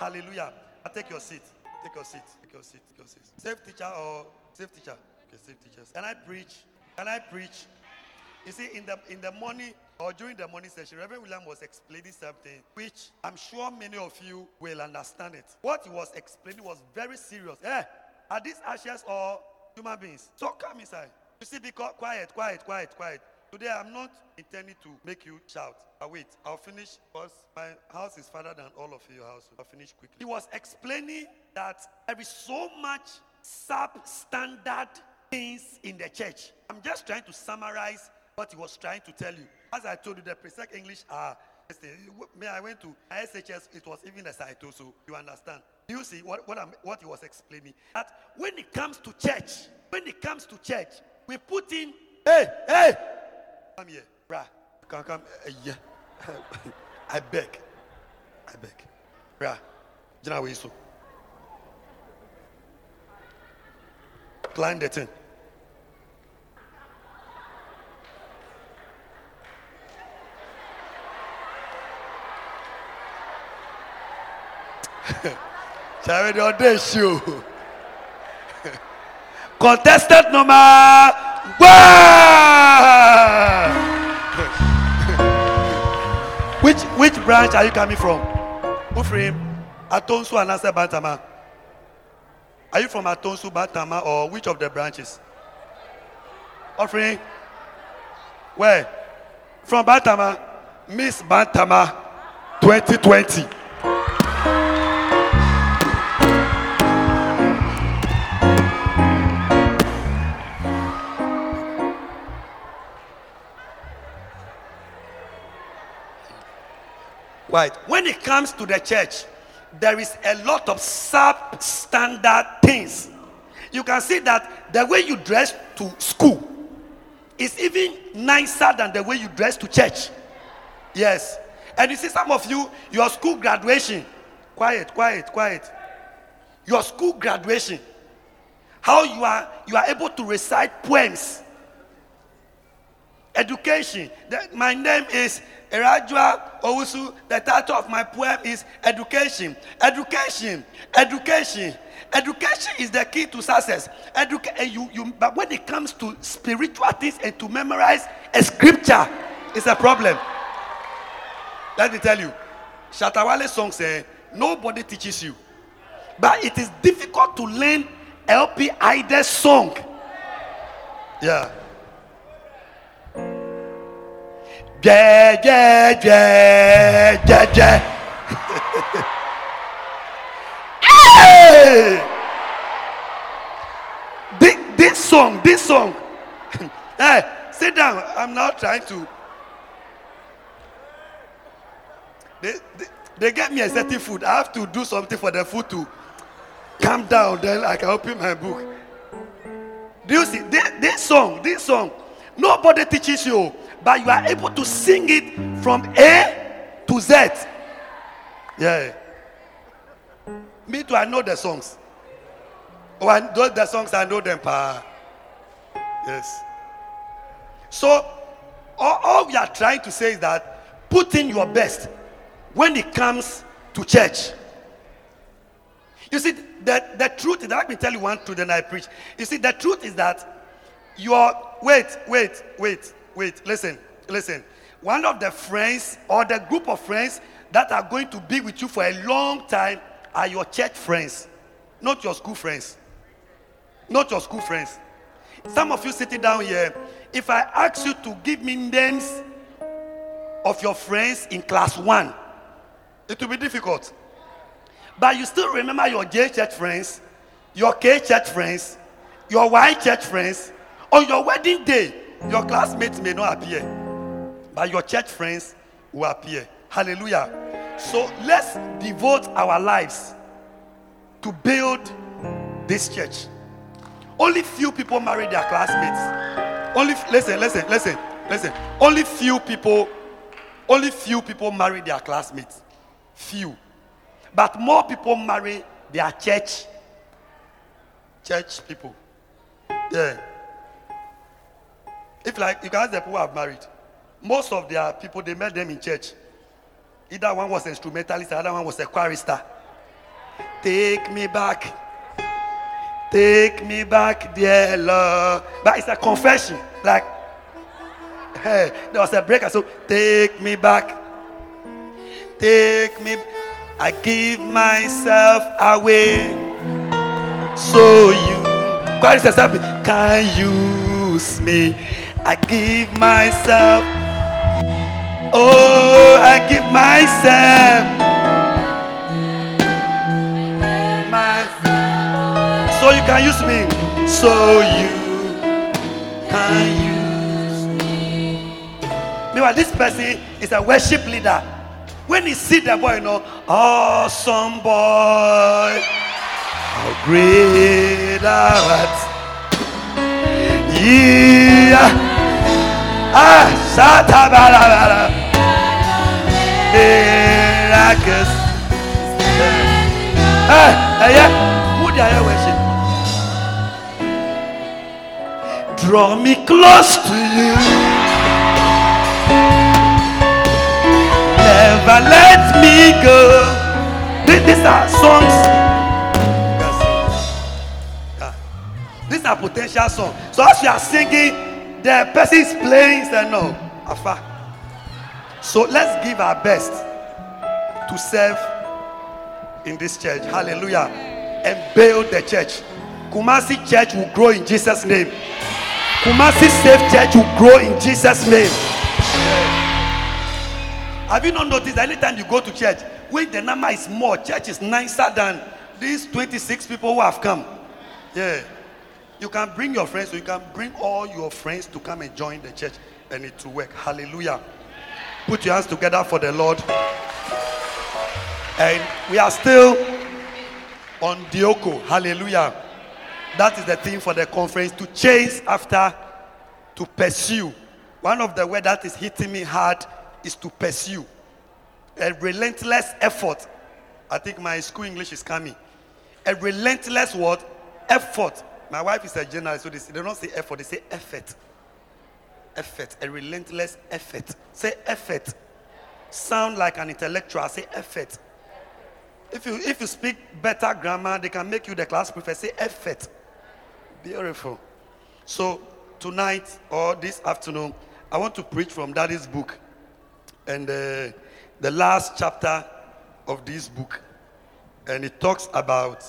Hallelujah. I take your seat. Take your seat. Take your seat. Take your seat. Safe teacher or safe teacher? Okay, safe teachers. Can I preach? Can I preach? You see, in the in the morning or during the morning session, Reverend William was explaining something which I'm sure many of you will understand it. What he was explaining was very serious. Eh? Are these ashes or human beings? So come inside. You see, because quiet, quiet, quiet, quiet. Today I'm not intending to make you shout. I ah, wait. I'll finish because my house is farther than all of your house. I'll finish quickly. He was explaining that there is so much substandard things in the church. I'm just trying to summarize what he was trying to tell you. As I told you, the precise English are. Ah, eh, May I went to SHS, it was even a site so you understand. You see what, what, I'm, what he was explaining. That when it comes to church, when it comes to church, we put in, hey, hey, Come here, bruh. Come, come. Uh, yeah. I beg. I beg. Bruh. Jana we so. Climb the thing. Shall we do Contestant number Wow! which which branch are you coming from? Ufrim, Atonsu Anasa Bantama. Are you from Atonsu Bantama or which of the branches? Offering. Where? From Bantama. Miss Bantama 2020. Right. When it comes to the church, there is a lot of substandard things. You can see that the way you dress to school is even nicer than the way you dress to church. Yes. And you see, some of you, your school graduation, quiet, quiet, quiet. Your school graduation, how you are you are able to recite poems. Education. The, my name is Erajua Owusu, the title of my poem is Education. Education, education, education is the key to success. Educa- you, you, but when it comes to spiritual things and to memorize a scripture, it's a problem. Let me tell you, Shatawale song says, eh, Nobody teaches you. But it is difficult to learn LP Ides song. Yeah. jẹ jẹ jẹ jẹ Hey! This, this song, this song. hey, sit down. I'm now trying to. They, they, they get me a certain food. I have to do something for the food to calm down. Then I can open my book. Do you see this, this song? This song. Nobody teaches you but you are able to sing it from A to Z. Yeah. Me too, I know the songs. Oh, I know the songs, I know them. Pa. Yes. So, all, all we are trying to say is that put in your best when it comes to church. You see, the, the truth is that, let me tell you one truth, and I preach. You see, the truth is that your, wait, wait, wait wait, listen, listen. One of the friends or the group of friends that are going to be with you for a long time are your church friends, not your school friends. Not your school friends. Some of you sitting down here, if I ask you to give me names of your friends in class one, it will be difficult. But you still remember your J church friends, your K church friends, your Y church friends. On your wedding day, your classmates may not appear, but your church friends will appear. Hallelujah. So let's devote our lives to build this church. Only few people marry their classmates. Only listen, listen, listen, listen. Only few people, only few people marry their classmates. Few. But more people marry their church. Church people. Yeah. If like you can ask the people who have married, most of their people they met them in church. Either one was instrumentalist, the other one was a chorister. Take me back. Take me back, dear Lord. But it's a confession. Like, hey, there was a break. So, take me back. Take me. I give myself away. So you. Choristers, can use me. I give myself. Oh, I give myself. So you can use me. So you can use me. Meanwhile, this person is a worship leader. When he see the boy, you know, awesome boy, how great art. Yeah. Ah, Satabara. Miracles. Eh, eh, ah, hey, Who do I worship? Draw me close to you. Never let me go. These are songs. These are potential songs. So as you are singing, The person is playing. He said, No, Afa. So let's give our best to serve in this church. Hallelujah. And build the church. Kumasi Church will grow in Jesus' name. Kumasi Safe Church will grow in Jesus' name. Have you not noticed that anytime you go to church, when the number is more, church is nicer than these 26 people who have come? Yeah. You can bring your friends, so you can bring all your friends to come and join the church and it will work. Hallelujah. Put your hands together for the Lord. And we are still on Dioko. Hallelujah. That is the theme for the conference to chase after, to pursue. One of the words that is hitting me hard is to pursue. A relentless effort. I think my school English is coming. A relentless word, Effort my wife is a journalist, so they, they don't say effort, they say effort. Effort, a relentless effort. Say effort. Sound like an intellectual, say effort. If you if you speak better grammar, they can make you the class professor. Say effort. Beautiful. So tonight or this afternoon, I want to preach from Daddy's book, and uh, the last chapter of this book, and it talks about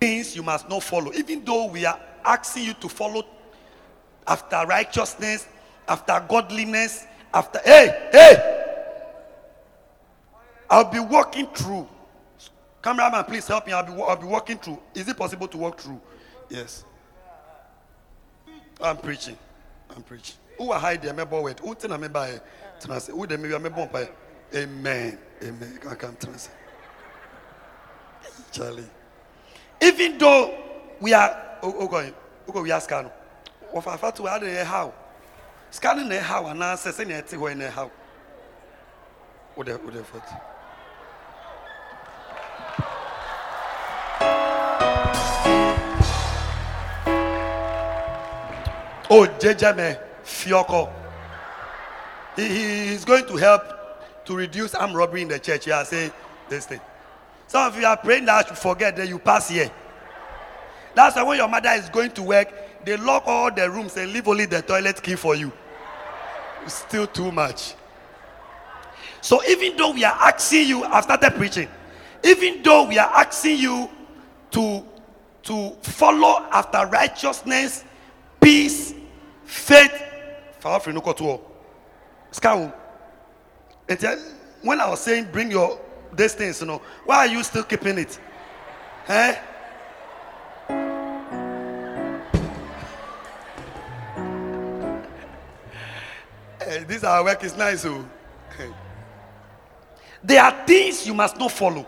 things you must not follow. Even though we are asking you to follow after righteousness, after godliness, after. Hey, hey! I'll be walking through. Cameraman, please help me. I'll be, I'll be walking through. Is it possible to walk through? Yes. I'm preaching. I'm preaching. Who are hiding? I'm about wait. Who tell me by translate? Who maybe I'm about by. Amen. Amen. I can't translate. Charlie. even though we are oh, oh, ogoyin oh, we are scanning wɔfafa to ade yɛ how scanning na yɛ how anaasɛ sɛ nea ɛte hɔ na yɛ how wodɛ wodɛ fɔti. Oh, Jejeme Fioko. He, he is going to help to reduce armed robbery in the church. Yeah, say this thing. Some of you are praying that you forget that you pass here. That's why when your mother is going to work, they lock all the rooms and leave only the toilet key for you. It's still too much. So even though we are asking you, I've started preaching. Even though we are asking you to to follow after righteousness, peace, faith. When I was saying, bring your these things, you know. Why are you still keeping it? Eh? hey, eh, this our work is nice, oh. there are things you must not follow.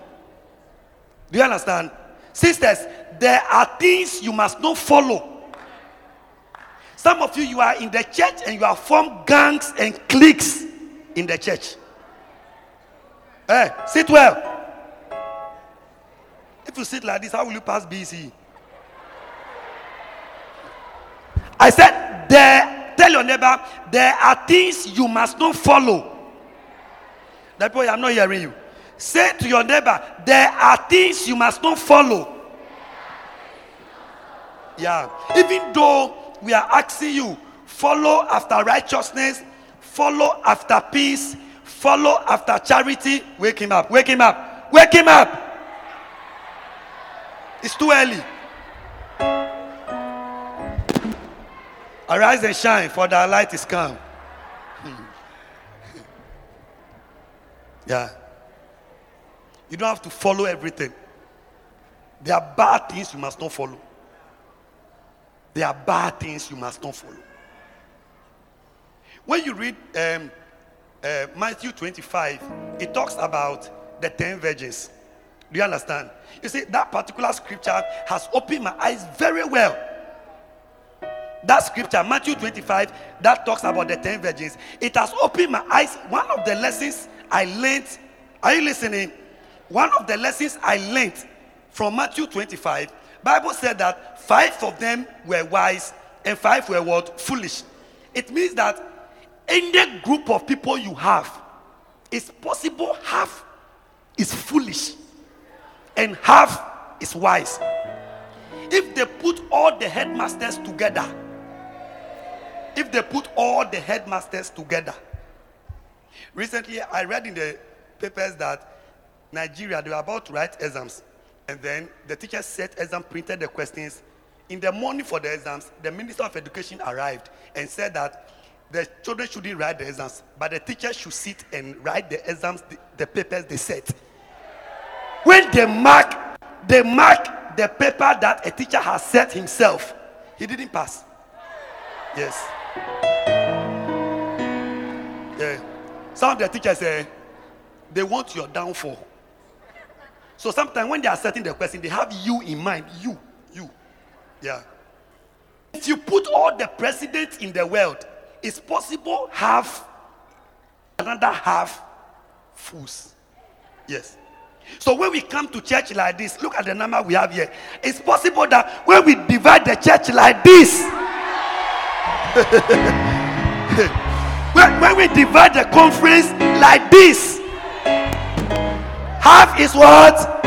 Do you understand? Sisters, there are things you must not follow. Some of you, you are in the church and you have formed gangs and cliques in the church. Hey, sit well. If you sit like this, how will you pass BC? I said, there, tell your neighbor, there are things you must not follow. That boy, I'm not hearing you. Say to your neighbor, there are things you must not follow. Yeah. Even though we are asking you, follow after righteousness, follow after peace, Follow after charity. Wake him up. Wake him up. Wake him up. It's too early. Arise and shine, for thy light is come. yeah. You don't have to follow everything. There are bad things you must not follow. There are bad things you must not follow. When you read um, uh, Matthew 25, it talks about the 10 virgins. Do you understand? You see, that particular scripture has opened my eyes very well. That scripture, Matthew 25, that talks about the 10 virgins. It has opened my eyes. One of the lessons I learned, are you listening? One of the lessons I learned from Matthew 25, Bible said that five of them were wise and five were what? Foolish. It means that any group of people you have, it's possible half is foolish and half is wise. If they put all the headmasters together, if they put all the headmasters together, recently I read in the papers that Nigeria they were about to write exams, and then the teacher set exam printed the questions. In the morning for the exams, the Minister of Education arrived and said that the children shouldn't write the exams, but the teacher should sit and write the exams, the, the papers they set. When they mark, they mark the paper that a teacher has set himself. He didn't pass. Yes. Yeah. Some of the teachers say they want your downfall. So sometimes when they are setting the question, they have you in mind. You, you. Yeah. If you put all the presidents in the world it's possible half, another half fools. Yes. So when we come to church like this, look at the number we have here. It's possible that when we divide the church like this, when, when we divide the conference like this, half is what?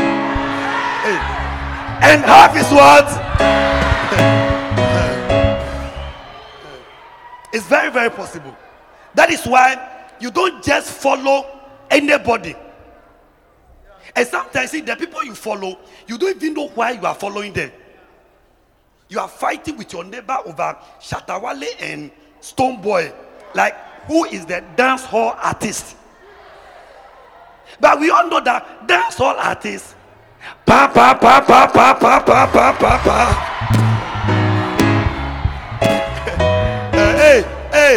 And half is what? It's very, very possible. That is why you don't just follow anybody. And sometimes see, the people you follow, you don't even know why you are following them. You are fighting with your neighbor over Shatawale and Stone Boy. Like, who is the dance hall artist? But we all know that dance hall artists. Pa pa pa pa pa pa pa pa pa pa. Hey, hey,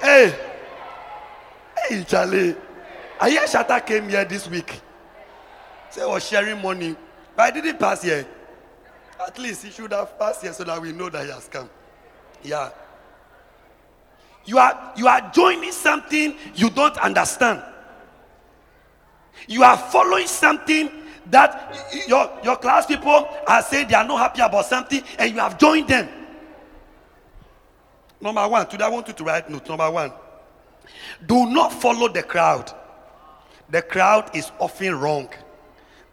hey. Hey, Charlie. Aya Shata came here this week. Say, was sharing money. But I didn't pass here. At least he should have passed here so that we know that he has come. Yeah. You are, you are joining something you don't understand. You are following something that your, your class people are saying they are not happy about something and you have joined them. Number one, today I want you to write notes. Number one, do not follow the crowd. The crowd is often wrong.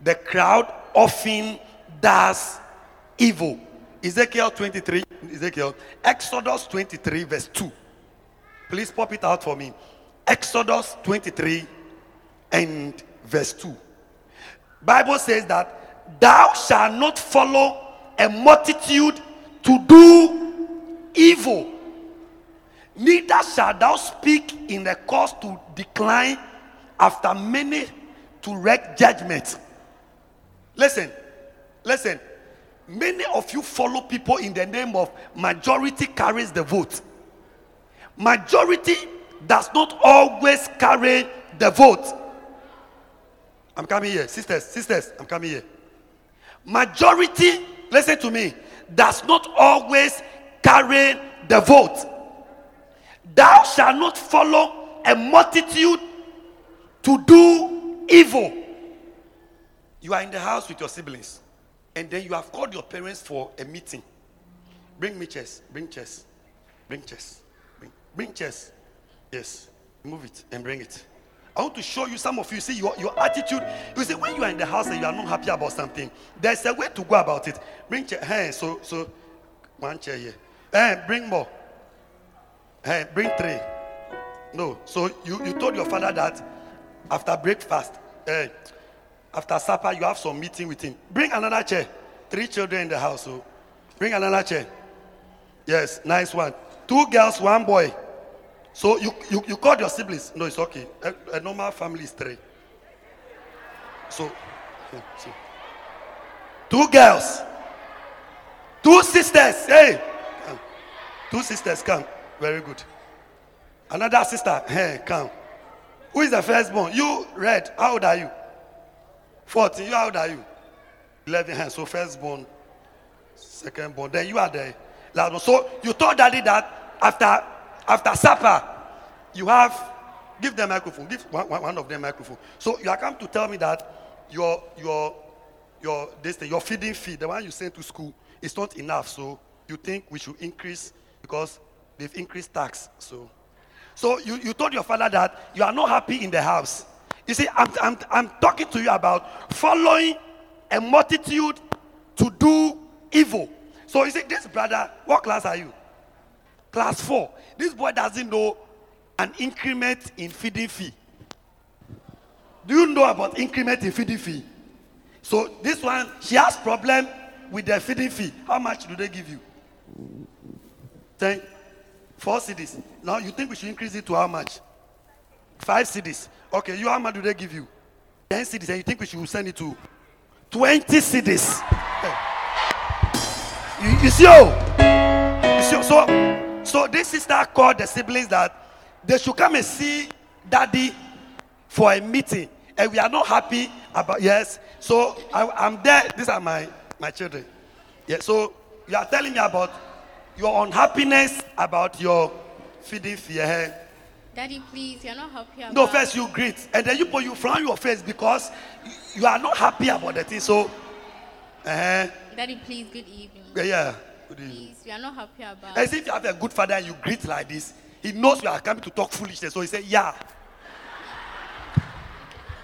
The crowd often does evil. Ezekiel 23, Ezekiel, Exodus 23, verse 2. Please pop it out for me. Exodus 23 and verse 2. Bible says that thou shalt not follow a multitude to do evil Neither shalt thou speak in the cause to decline after many to wreak judgment. Listen, listen. Many of you follow people in the name of majority carries the vote. Majority does not always carry the vote. I'm coming here, sisters, sisters, I'm coming here. Majority, listen to me, does not always carry the vote. Thou shalt not follow a multitude to do evil. You are in the house with your siblings, and then you have called your parents for a meeting. Bring me chess, bring chess, bring chess, bring, bring chess. Yes, move it and bring it. I want to show you some of you see your, your attitude. You see, when you are in the house and you are not happy about something, there's a way to go about it. Bring chair. Hey, so so one chair here. Hey, bring more. Hey, eh, bring three. No. So you, you told your father that after breakfast, hey, eh, after supper, you have some meeting with him. Bring another chair. Three children in the house. So oh. bring another chair. Yes, nice one. Two girls, one boy. So you, you, you called your siblings. No, it's okay. A, a normal family is three. So, so, two girls, two sisters. Hey, two sisters, come. Very good. Another sister, hey, come. Who is the firstborn? You, red. How old are you? 14. You, how old are you? 11. Hey, eh, so, firstborn, secondborn. Then you are the last one. So, you told daddy that after after supper, you have. Give them microphone. Give one, one of them microphone. So, you are come to tell me that your, your, your, this thing, your feeding fee, the one you send to school, is not enough. So, you think we should increase because They've increased tax. So, so you, you told your father that you are not happy in the house. You see, I'm, I'm, I'm talking to you about following a multitude to do evil. So you see, this brother, what class are you? Class four. This boy doesn't know an increment in feeding fee. Do you know about increment in feeding fee? So this one, she has problem with the feeding fee. How much do they give you? Ten. Four CDs. Now you think we should increase it to how much? Five CDs. Okay, you how much do they give you? Ten CDs. And you think we should send it to 20 CDs? You, you, see, oh, you see, oh, so so this sister called the siblings that they should come and see daddy for a meeting, and we are not happy about yes. So I, I'm there. These are my my children. Yeah. So you are telling me about your unhappiness about your feeding fear. Eh? Daddy, please, you're not happy about No, first you greet, and then you put you frown your face because you are not happy about the thing. So, uh-huh. Daddy, please, good evening. Yeah, yeah. Good evening. Please, we are not happy about As if you have a good father and you greet like this, he knows you are coming to talk foolishness. So he says, Yeah.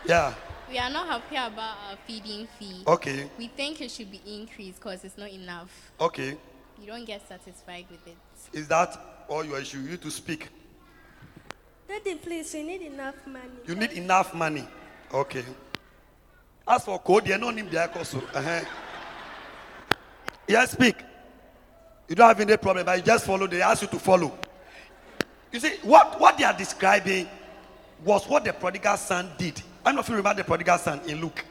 Yeah. We are not happy about our feeding fee. Okay. We think it should be increased because it's not enough. Okay. You don't get satisfied with it. Is that all you issue? You need to speak. Daddy, please, you need enough money. You need enough money. Okay. As for code, you don't need the also. Uh-huh. Yes, speak. You don't have any problem, but you just follow. They ask you to follow. You see, what, what they are describing was what the prodigal son did. I don't know if you remember the prodigal son in Luke.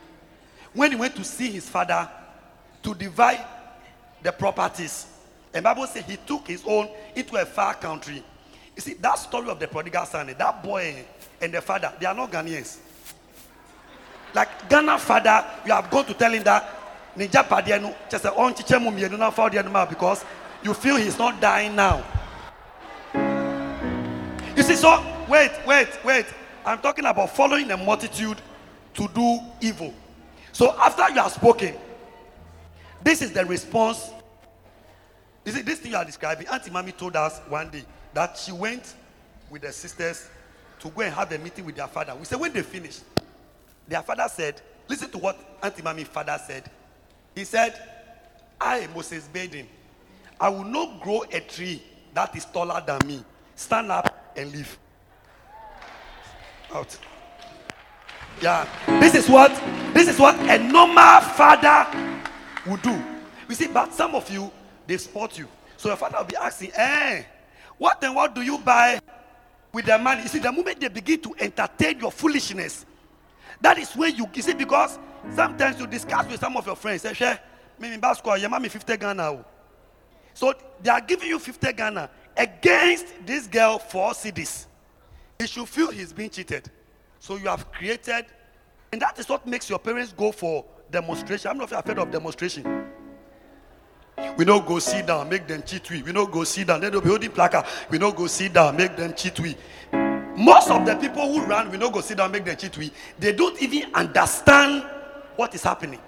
When he went to see his father to divide the properties, and Bible says he took his own into a far country. You see, that story of the prodigal son, that boy and the father, they are not Ghanaians. Like Ghana father, you have gone to tell him that Ninja Padianu just because you feel he's not dying now. You see, so wait, wait, wait. I'm talking about following the multitude to do evil. So after you have spoken, this is the response you see, this thing you are describing, Auntie Mommy told us one day that she went with the sisters to go and have a meeting with their father. We said, when they finished, their father said, listen to what Auntie Mommy father said. He said, I, Moses Baden, I will not grow a tree that is taller than me. Stand up and leave. Out. Yeah. This is what this is what a normal father would do. You see, but some of you they spot you. So your father will be asking, eh, what then what do you buy with the money? You see, the moment they begin to entertain your foolishness, that is when you, you see, because sometimes you discuss with some of your friends, say, eh, share, me basketball, your mommy 50 Ghana. So they are giving you 50 Ghana against this girl for CDs. He should feel he's being cheated. So you have created, and that is what makes your parents go for demonstration. I'm not afraid of demonstration. We no go sit down, make them cheat we. We no go sit down. Let them be holding placard. We no go sit down, make them cheat we. Most of the people who run, we no go sit down, make them cheat we. They don't even understand what is happening.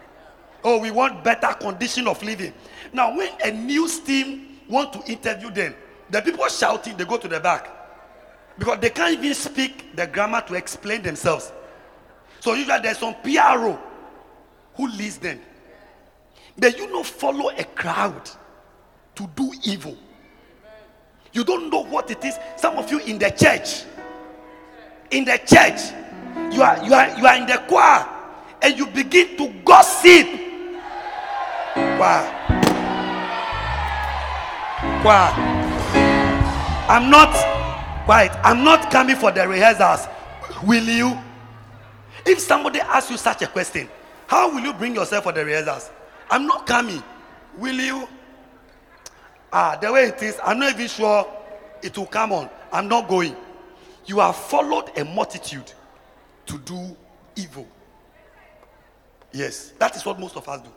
Oh, we want better condition of living. Now, when a news team want to interview them, the people shouting, they go to the back because they can't even speak the grammar to explain themselves. So usually there's some PRO who leads them. Then you don't follow a crowd to do evil. You don't know what it is. Some of you in the church, in the church, you are you are you are in the choir and you begin to gossip. Wow. Choir. I'm not quiet. I'm not coming for the rehearsals. Will you? If somebody asks you such a question, how will you bring yourself for the rehearsals? I'm not coming. Will you? Ah, the way it is, I'm not even sure it will come on. I'm not going. You have followed a multitude to do evil. Yes, that is what most of us do.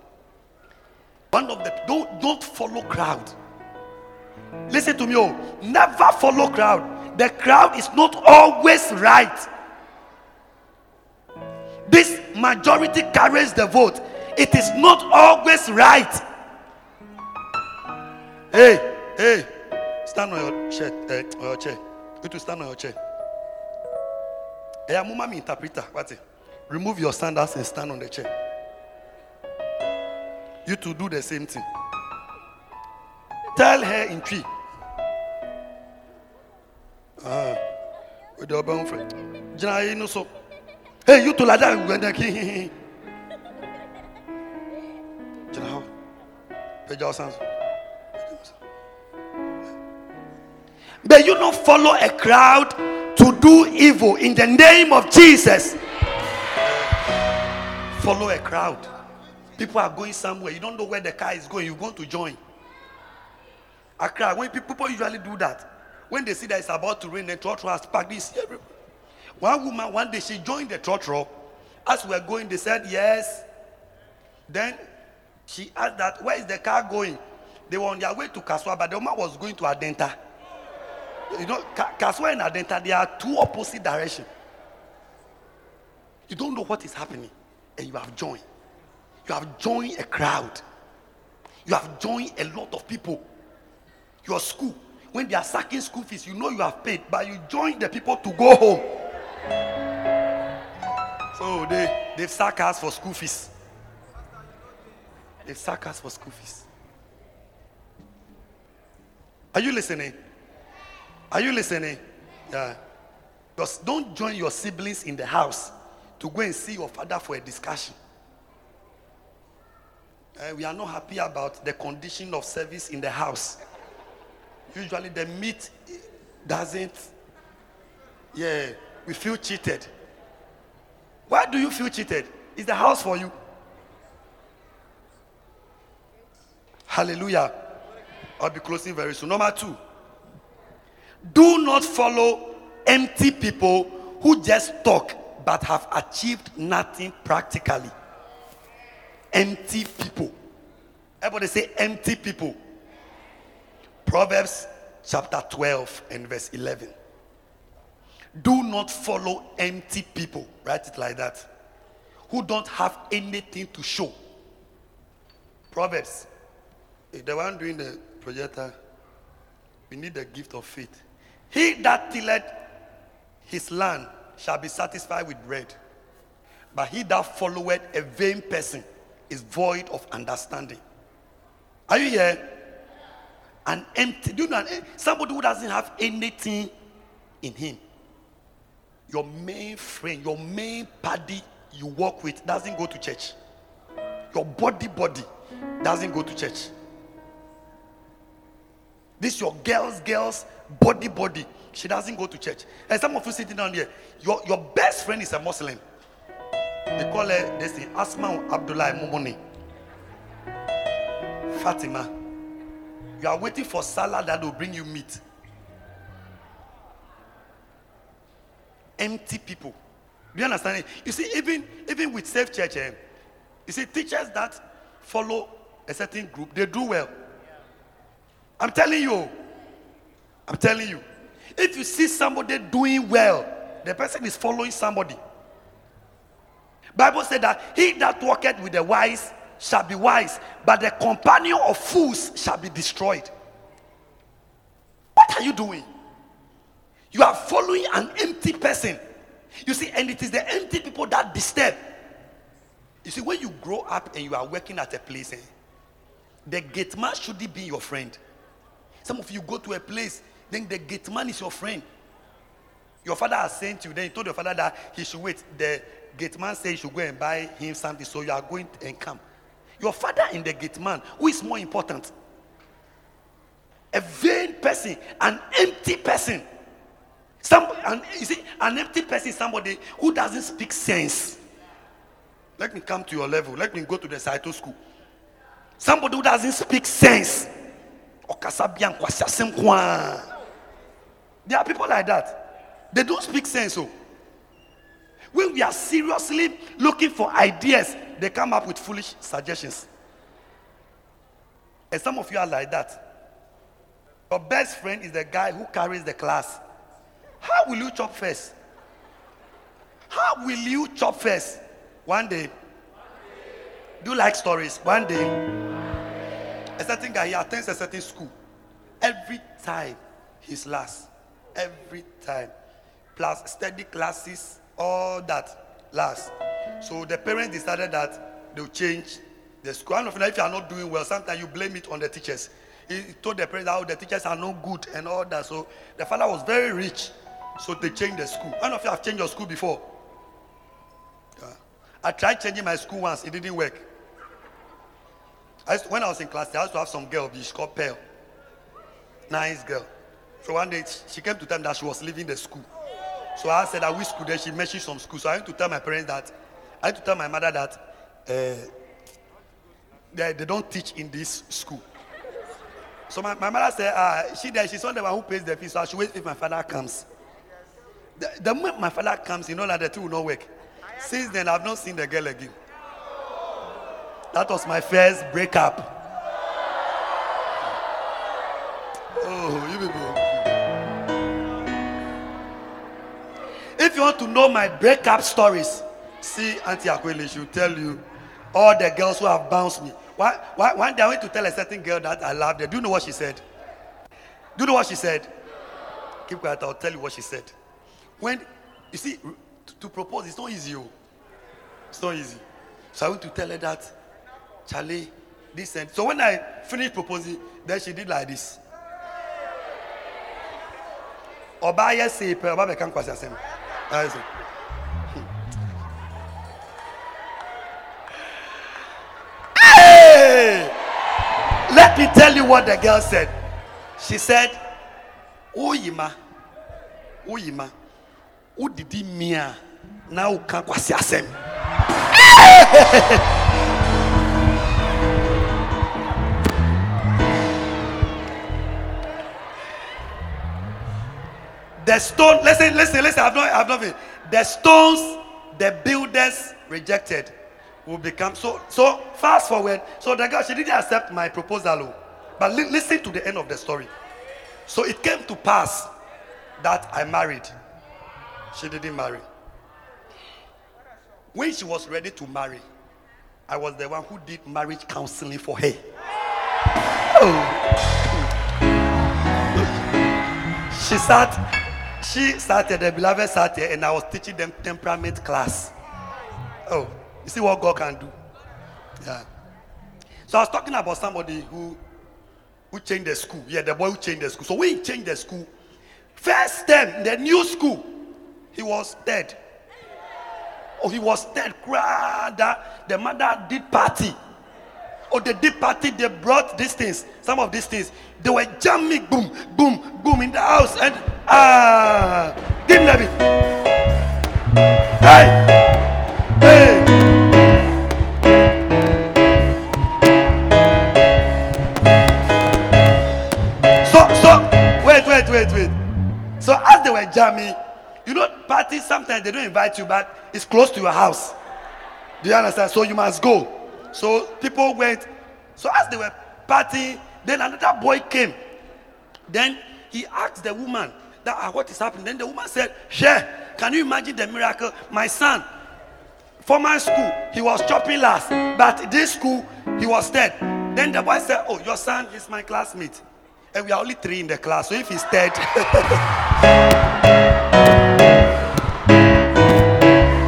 One of the don't don't follow crowd. Listen to me, oh, never follow crowd. The crowd is not always right. This majority carries the vote it is not always right. Hey, hey, stand on your chair. Uh, on your chair. You to stand on your chair. Hey, I'm mommy interpreter. What? Remove your sandals and stand on the chair. You to do the same thing. Tell her in tree. Ah, with your boyfriend. Hey, you to like that. May you not follow a crowd to do evil in the name of Jesus. Follow a crowd. People are going somewhere. You don't know where the car is going. You're going to join. A crowd. When people usually do that, when they see that it's about to rain, the trotro has packed this. One woman, one day, she joined the trotro. As we were going, they said, Yes. Then she asked that, where is the car going? They were on their way to Kaswa, but the woman was going to Adenta. You know, Kaswa and Adenta, they are two opposite directions. You don't know what is happening, and you have joined. You have joined a crowd. You have joined a lot of people. Your school, when they are sacking school fees, you know you have paid, but you join the people to go home. So they, they've sacked us for school fees. They sack us for school fees. Are you listening? Are you listening? Yeah. Just don't join your siblings in the house to go and see your father for a discussion. Uh, we are not happy about the condition of service in the house. Usually the meat doesn't. Yeah, we feel cheated. Why do you feel cheated? Is the house for you? Hallelujah. I'll be closing very soon. Number two, do not follow empty people who just talk but have achieved nothing practically. Empty people. Everybody say empty people. Proverbs chapter 12 and verse 11. Do not follow empty people. Write it like that. Who don't have anything to show. Proverbs the one doing the projector, we need the gift of faith. He that tilleth his land shall be satisfied with bread, but he that followeth a vain person is void of understanding. Are you here? An empty, do you know, somebody who doesn't have anything in him. Your main friend, your main party you walk with doesn't go to church. Your body, body doesn't go to church. This your girl's girl's body body. She doesn't go to church. And some of you sitting down here, your, your best friend is a Muslim. They call her they say Asma Abdullah Mumuni. Fatima. You are waiting for Salah that will bring you meat. Empty people. Do you understand it? You see, even even with safe church, eh, you see, teachers that follow a certain group, they do well. I'm telling you. I'm telling you. If you see somebody doing well, the person is following somebody. Bible said that he that walketh with the wise shall be wise, but the companion of fools shall be destroyed. What are you doing? You are following an empty person. You see, and it is the empty people that disturb. You see, when you grow up and you are working at a place, eh, the gate man shouldn't be your friend. Some of you go to a place, then the gate man is your friend. Your father has sent you. Then he told your father that he should wait. The gate man said you should go and buy him something. So you are going and come. Your father and the gate man, who is more important? A vain person, an empty person. Some, an, you see, an empty person is somebody who doesn't speak sense. Let me come to your level. Let me go to the Saito school. Somebody who doesn't speak sense. There are people like that. They don't speak sense. Oh, When we are seriously looking for ideas, they come up with foolish suggestions. And some of you are like that. Your best friend is the guy who carries the class. How will you chop first? How will you chop first? One day. Do you like stories? One day a certain guy, he attends a certain school. Every time he's last. Every time. Plus study classes, all that last. So the parents decided that they'll change the school. And if you are not doing well, sometimes you blame it on the teachers. He told the parents how oh, the teachers are not good and all that. So the father was very rich. So they changed the school. None of you have changed your school before. Yeah. I tried changing my school once, it didn't work. I to, when I was in class, I used to have some girl. She's called Pearl. Nice girl. So one day she came to tell me that she was leaving the school. So I said I wish school? Then she mentioned some school. So I had to tell my parents that. I had to tell my mother that uh, they, they don't teach in this school. So my, my mother said, ah, she there, she's not the one who pays the fees. so I should wait if my father comes. The, the moment my father comes, you know that the two will not work. Since then, I've not seen the girl again. That was my first breakup. Oh, you people. If you want to know my breakup stories, see Auntie Aquile, she'll tell you all the girls who have bounced me. Why, why, one day I went to tell a certain girl that I loved her. Do you know what she said? Do you know what she said? Keep quiet, I'll tell you what she said. When, you see, to, to propose, it's not easy. Oh. It's not easy. So I went to tell her that Charlie, this and so when I finished proposing, then she did like this. Ọba ayẹ se ipẹ ọba bẹ ká Let me tell you what the girl said. She said, Oyima, Oyima, Odidi mia, na o kan kwasi asẹm. Hey! The stone, listen, listen, listen. I've not, I've not been. The stones the builders rejected will become so. So fast forward. So the girl she didn't accept my proposal, oh. but li- listen to the end of the story. So it came to pass that I married. She didn't marry. When she was ready to marry, I was the one who did marriage counseling for her. Oh. She sat she sat here, the beloved sat here, and I was teaching them temperament class. Oh, you see what God can do. Yeah. So I was talking about somebody who who changed the school. Yeah, the boy who changed the school. So we changed the school. First term, the new school, he was dead. Oh, he was dead. That the mother did party of the deep party, they brought these things, some of these things. They were jamming, boom, boom, boom in the house, and ah, didn't have it. Hey, hey. wait, wait, wait. So as they were jamming, you know, parties sometimes they don't invite you, but it's close to your house. Do you understand? So you must go. So people went. So as they were partying, then another boy came. Then he asked the woman, that, ah, What is happening? Then the woman said, Share, can you imagine the miracle? My son, former school, he was chopping last, but this school, he was dead. Then the boy said, Oh, your son is my classmate. And we are only three in the class, so if he's dead.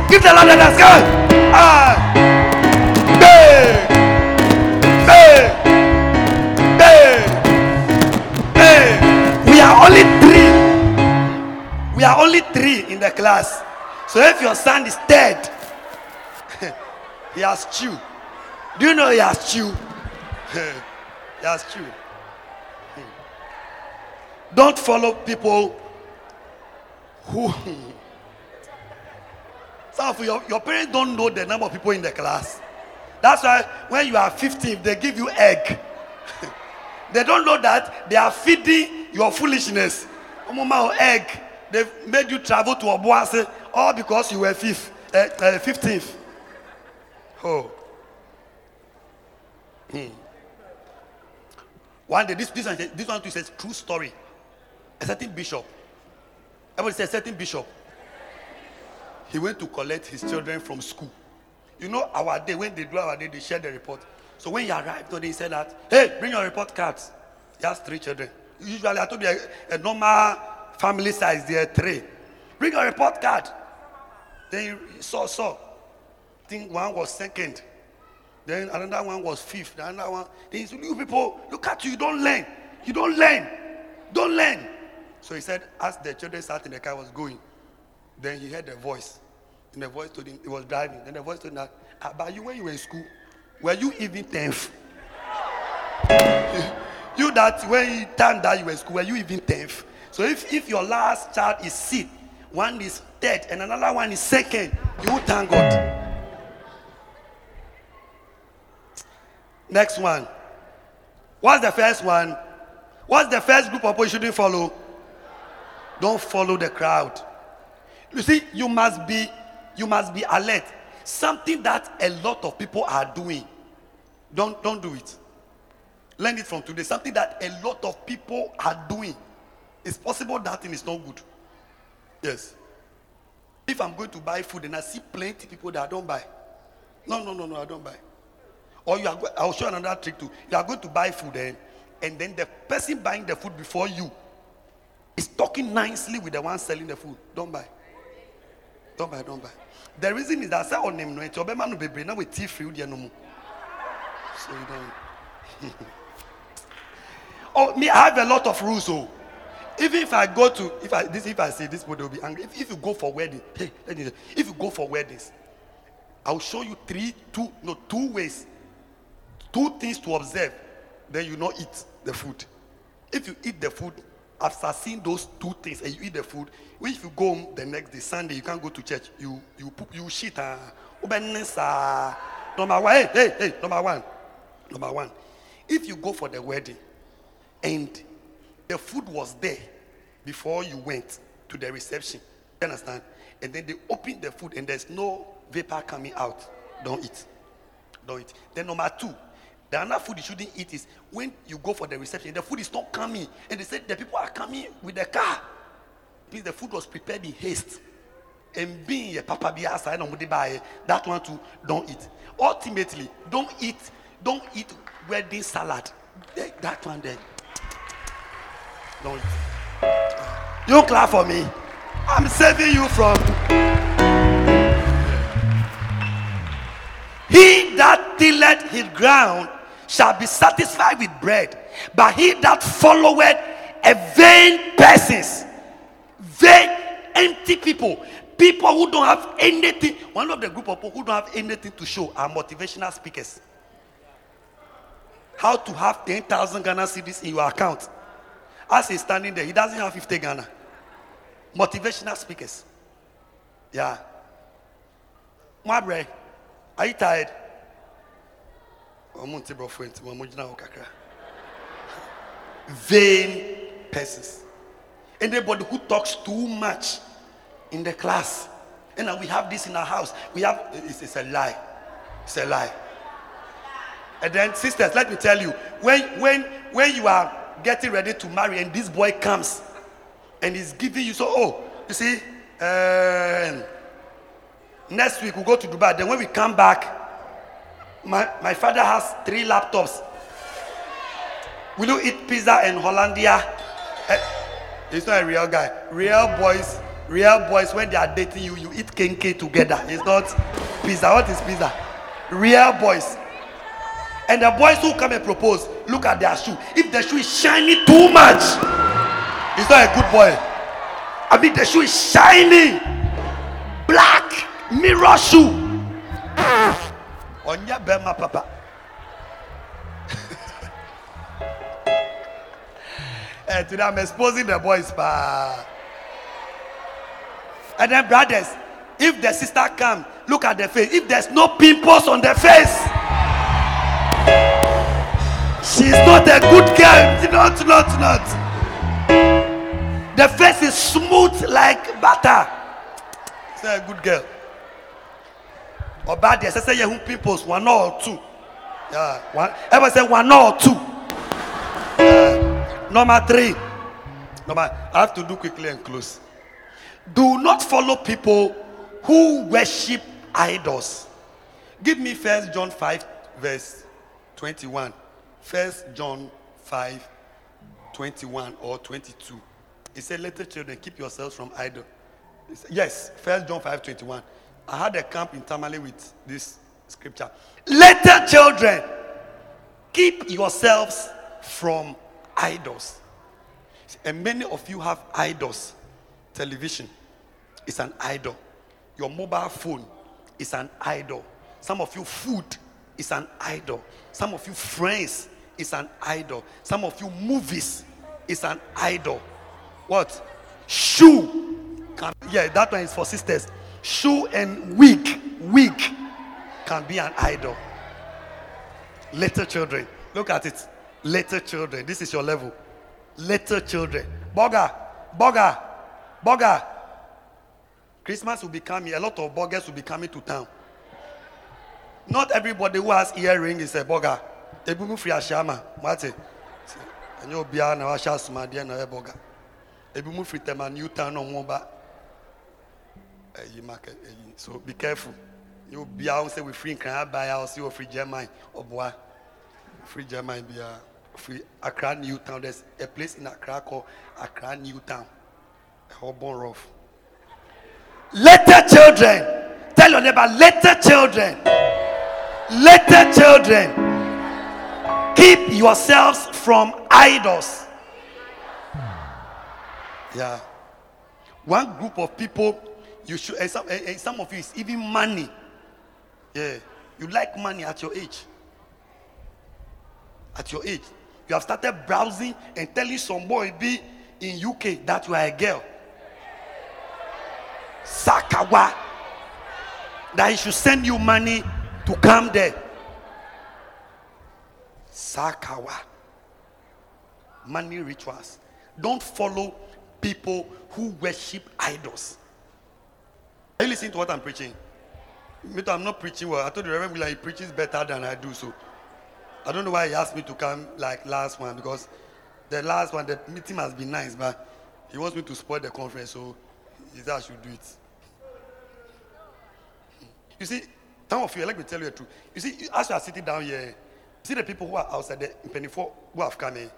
Give the Lord a go! Ah! We are only three. We are only three in the class. So if your son is dead, he has chew. Do you know he has chew? he has chew. Hmm. Don't follow people who. Some of your, your parents don't know the number of people in the class. That's why when you are 15, they give you egg, they don't know that they are feeding your foolishness. Oh, egg. They made you travel to Obuase all because you were fifth, uh, uh, 15th. Oh. Hmm. One day, this, this, one, this one too says true story. A certain bishop. Everybody says certain bishop. He went to collect his children from school. You know, our day, when they do our day, they share the report. So when he arrived, today, he said that, hey, bring your report cards. He has three children. Usually, I told you a, a normal family size, there three. Bring your report card. Then he saw, saw. I think one was second. Then another one was fifth. Then another one. Then he said, You people, look at you, you don't learn. You don't learn. Don't learn. So he said, As the children sat in the car, was going. Then he heard a voice. And the voice told him, he was driving. Then the voice told him, about ah, you when you were in school, were you even 10th? you that when you turned that you were in school, were you even 10th? So if, if your last child is sick, one is third and another one is second, you will thank God. Next one. What's the first one? What's the first group of people you shouldn't follow? Don't follow the crowd. You see, you must be you must be alert. Something that a lot of people are doing. Don't, don't do it. Learn it from today. Something that a lot of people are doing. It's possible that thing is not good. Yes. If I'm going to buy food and I see plenty people that I don't buy, no, no, no, no, I don't buy. Or you are going, I'll show another trick too. You are going to buy food and, eh, and then the person buying the food before you is talking nicely with the one selling the food. Don't buy. Don't buy, don't buy. The reason is that I say on him, no, it's your man will be brain, now with tea free, no more. So you don't. oh, me, I have a lot of rules, oh. Even if I go to, if I this, if I say this, people will be angry. If, if you go for wedding, hey, let me, if you go for weddings, I'll show you three, two, no, two ways, two things to observe. Then you not eat the food. If you eat the food, after seeing those two things and you eat the food, if you go home the next day, Sunday, you can't go to church, you you poop, you shit. Uh, number one, hey, hey, hey, number one. Number one. If you go for the wedding and the food was there before you went to the reception, you understand? And then they open the food and there's no vapor coming out. Don't eat. Don't eat. Then number two, the other food you shouldn't eat is when you go for the reception, the food is not coming. And they said the people are coming with the car. Please, the food was prepared in haste. And being a papa buy that one too, don't eat. Ultimately, don't eat, don't eat wedding salad. That one there. Don't eat. You clap for me. I'm saving you from. He that tilleth his ground shall be satisfied with bread, but he that followeth a vain persons, vain, empty people, people who don't have anything. One of the group of people who don't have anything to show are motivational speakers. How to have 10,000 Ghana cedis in your account. As he's standing there, he doesn't have 50 Ghana. Motivational speakers. Yeah. My bread, are you tired? vain persons anybody who talks too much in the class and now we have this in our house we have it's, it's a lie it's a lie and then sisters let me tell you when when when you are getting ready to marry and this boy comes and he's giving you so oh you see um, next week we'll go to dubai then when we come back my, my father has three laptops. Will you eat pizza and Hollandia? Eh, he's not a real guy. Real boys, real boys, when they are dating you, you eat kenke together. It's not pizza. What is pizza? Real boys. And the boys who come and propose, look at their shoe. If the shoe is shiny too much, he's not a good boy. I mean, the shoe is shiny, black, mirror shoe ɔnyɛ bema papa and eh, today i'm exposing the boys pa and then brothers if the sister come look at the face if there's no pimples on the face she's not a good girl not not not the face is smooth like butter she's a good girl ọba deɛ I say yɛ ho pimples one or two yeah, one ɛfɛ say one or two yeah. number three number i have to do quickly and close do not follow people who worship idols give me first john five verse twenty-one first john five twenty-one or twenty-two he said little children keep yourselves from idol yes first john five twenty-one. I had a camp in Tamale with this scripture. Later, children, keep yourselves from idols. And many of you have idols. Television is an idol. Your mobile phone is an idol. Some of you, food is an idol. Some of you, friends is an idol. Some of you, movies is an idol. What? Shoe. Can, yeah, that one is for sisters show and weak, weak can be an idol. Little children, look at it. Little children, this is your level. Little children, burger, burger, burger. Christmas will be coming. A lot of burgers will be coming to town. Not everybody who has earring is a burger. The people free mate. no burger. The new town on mobile ẹ̀yin market ẹ̀yin so be careful yóò bí àwọn sẹ́wọ̀n free nkran abáyá ọ̀sẹ̀ wọ̀ free german ọ̀bùa free german a free accra new town there is a place in accra called accra new town ẹ̀họ́ born rough. later children tell your neighbor later children later children keep yourselves from idols. Yeah. One group of people you should, uh, some, some of you, it's even money. Yeah. You like money at your age. At your age. You have started browsing and telling some boy be in UK that you are a girl. Sakawa. That he should send you money to come there. Sakawa. Money rituals. Don't follow people who worship idols. Are you listening to what I'm preaching? I'm not preaching well. I told the Reverend William he preaches better than I do. So I don't know why he asked me to come like last one because the last one, the meeting has been nice, but he wants me to spoil the conference. So he said I should do it. You see, some of you, let me tell you the truth. You see, as you are sitting down here, see the people who are outside the 24 who have come in.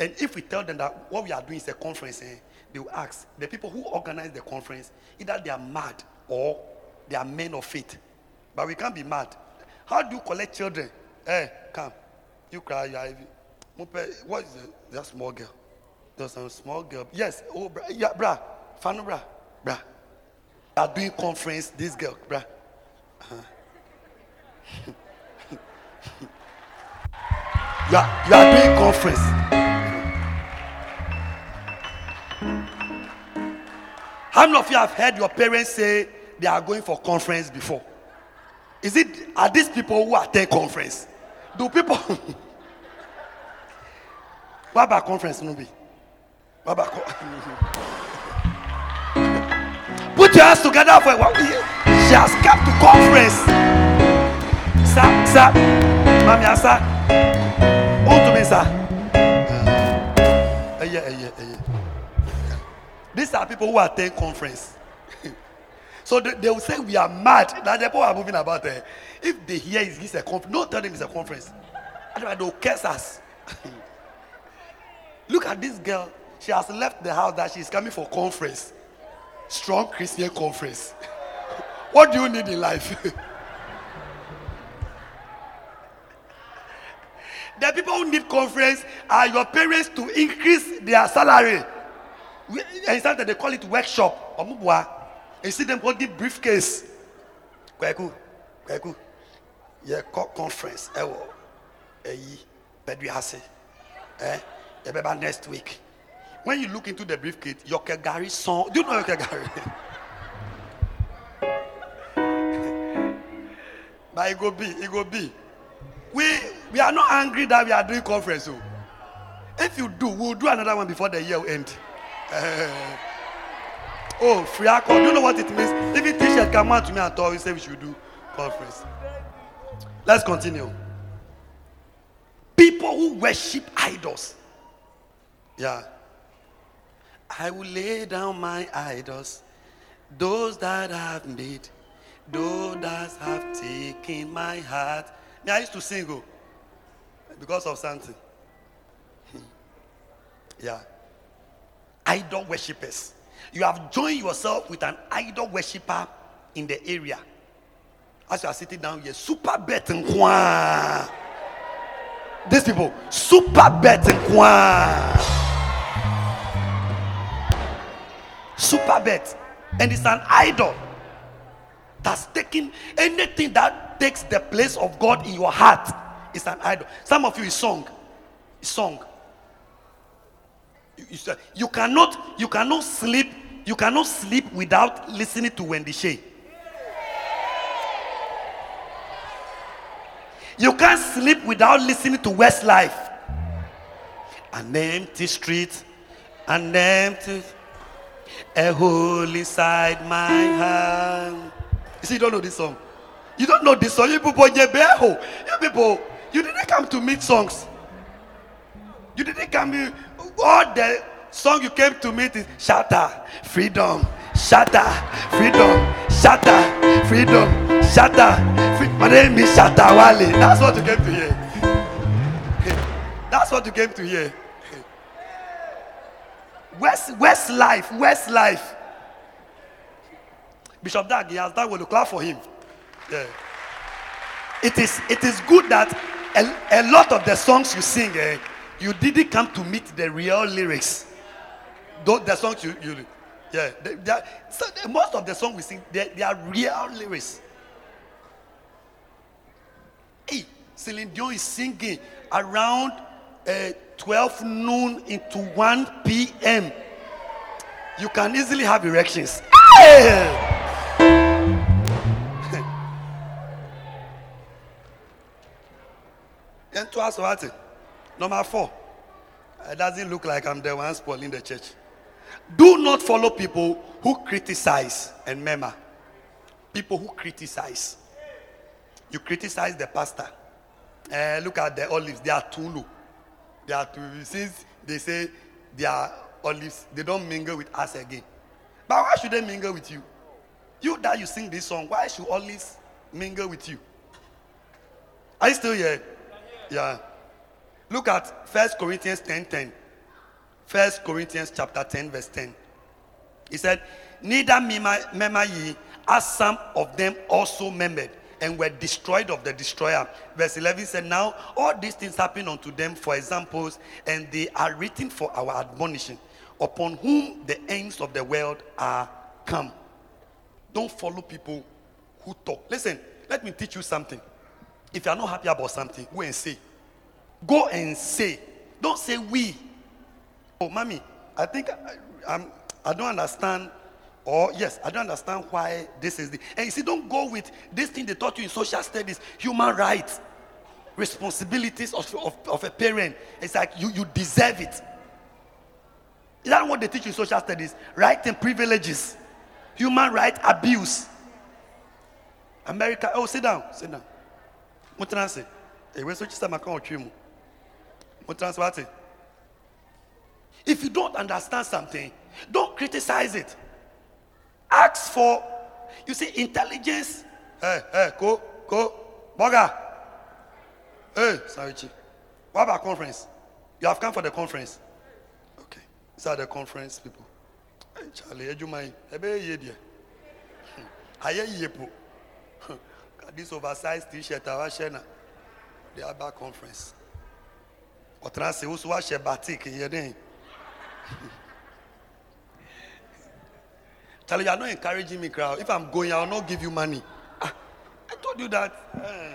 And if we tell them that what we are doing is a conference, eh, they will ask the people who organize the conference either they are mad or they are men of faith. But we can't be mad. How do you collect children? Hey, eh, come. You cry, you are Mope. What is the, that small girl? There's a small girl. Yes, oh, bra, yeah, bra. Fanu, bra. Bra. They are doing conference, this girl, bra. Uh-huh. you, are, you are doing conference. How many of you have heard your parents say they are going for conference before? Is it are these people who attend conference? Do people what about conference, Nubi? What about con- Put your hands together for what? we She has come to conference. Sir, sir, mommy, sir. who to me, sir. Uh, yeah, yeah, yeah. These are people who attend conference. so they, they, will say we are mad that the people are moving about there. Eh. If they hear it's, it's a conference, don't tell them it's a conference. Otherwise they'll curse us. Look at this girl. She has left the house that she's coming for conference. Strong Christian conference. what do you need in life? the people who need conference are your parents to increase their salary. We, in Santa, they call it workshop. Omubwa. You see them holding briefcase. Kweku. Kweku. Yeah, conference. Ewo. Eyi. Bedwi Eh? Ebeba next week. When you look into the briefcase, your Kegari song. Do you know your Kegari? but it go be. It go be. We, we are not angry that we are doing conference. So. Oh. If you do, we will do another one before the year end. Eh. oh, free alcohol. Do you know what it means? Even teachers come out to me and tell me, say we should do conference. Let's continue. People who worship idols. Yeah. I will lay down my idols, those that I have made, those that have taken my heart. Me, I used to sing oh, because of something. yeah idol worshippers. You have joined yourself with an idol worshiper in the area. As you are sitting down here, super bet and kwan. These people, super bet and kwan. Super bet. And it's an idol that's taking anything that takes the place of God in your heart. It's an idol. Some of you is song. It's song. You, you cannot you cannot sleep you cannot sleep without listening to Wendy Shea. You can't sleep without listening to Westlife. An empty street, an empty, a hole inside my heart. You see, you don't know this song. You don't know this song. You people, you people, you didn't come to meet songs. You didn't come. All the song you came to meet is shatter, freedom, shatter, freedom, shatter, freedom, shatter. Free- My name is Shatter Wale. That's what you came to hear. That's what you came to hear. Where's Where's life, Where's life. Bishop Dag, he has done well to clap for him. Yeah. It is, it is good that a, a lot of the songs you sing, eh, you didn't come to meet the real lyrics. Though the songs you, you yeah, they, they are, so most of the songs we sing, they, they are real lyrics. Hey, Celine Dion is singing around uh, 12 noon into 1 p.m. You can easily have erections. Hey! and to ask what? Number four. It doesn't look like I'm the one spoiling the church. Do not follow people who criticize and murmur. People who criticize. You criticize the pastor. Uh, look at the olives. They are too low. They are too. Since they say they are olives, they don't mingle with us again. But why should they mingle with you? You that you sing this song, why should olives mingle with you? Are you still here? Yeah. Look at 1 Corinthians 10 10. 1 Corinthians chapter 10, verse 10. He said, Neither memai ye, as some of them also membered, and were destroyed of the destroyer. Verse 11 said, Now all these things happen unto them for examples, and they are written for our admonition, upon whom the ends of the world are come. Don't follow people who talk. Listen, let me teach you something. If you are not happy about something, go and say Go and say. Don't say we. Oh, mommy, I think I, I'm, I do not understand. Or yes, I don't understand why this is the. And you see, don't go with this thing they taught you in social studies, human rights, responsibilities of, of, of a parent. It's like you, you deserve it. Is that what they teach you in social studies? Right and privileges, human right abuse. America, oh, sit down, sit down. What can I say? Otras party. If you don't understand something, don't criticize it. Ask for, you see, intelligence. Hey, hey, go, go, boga. Hey, sorry, chief. What about conference? You have come for the conference. Okay. These are the conference people. Hey, Charlie, Ejumai, Ebe Yedia. Haye hmm. Yepo. This oversized t shirt, I was Awashena. They are back conference. ɔtena ase woso wahyɛ batik yɛ den tell you are not encouraging me crowd if i'm going i will not give you money ah i told you that. Eh.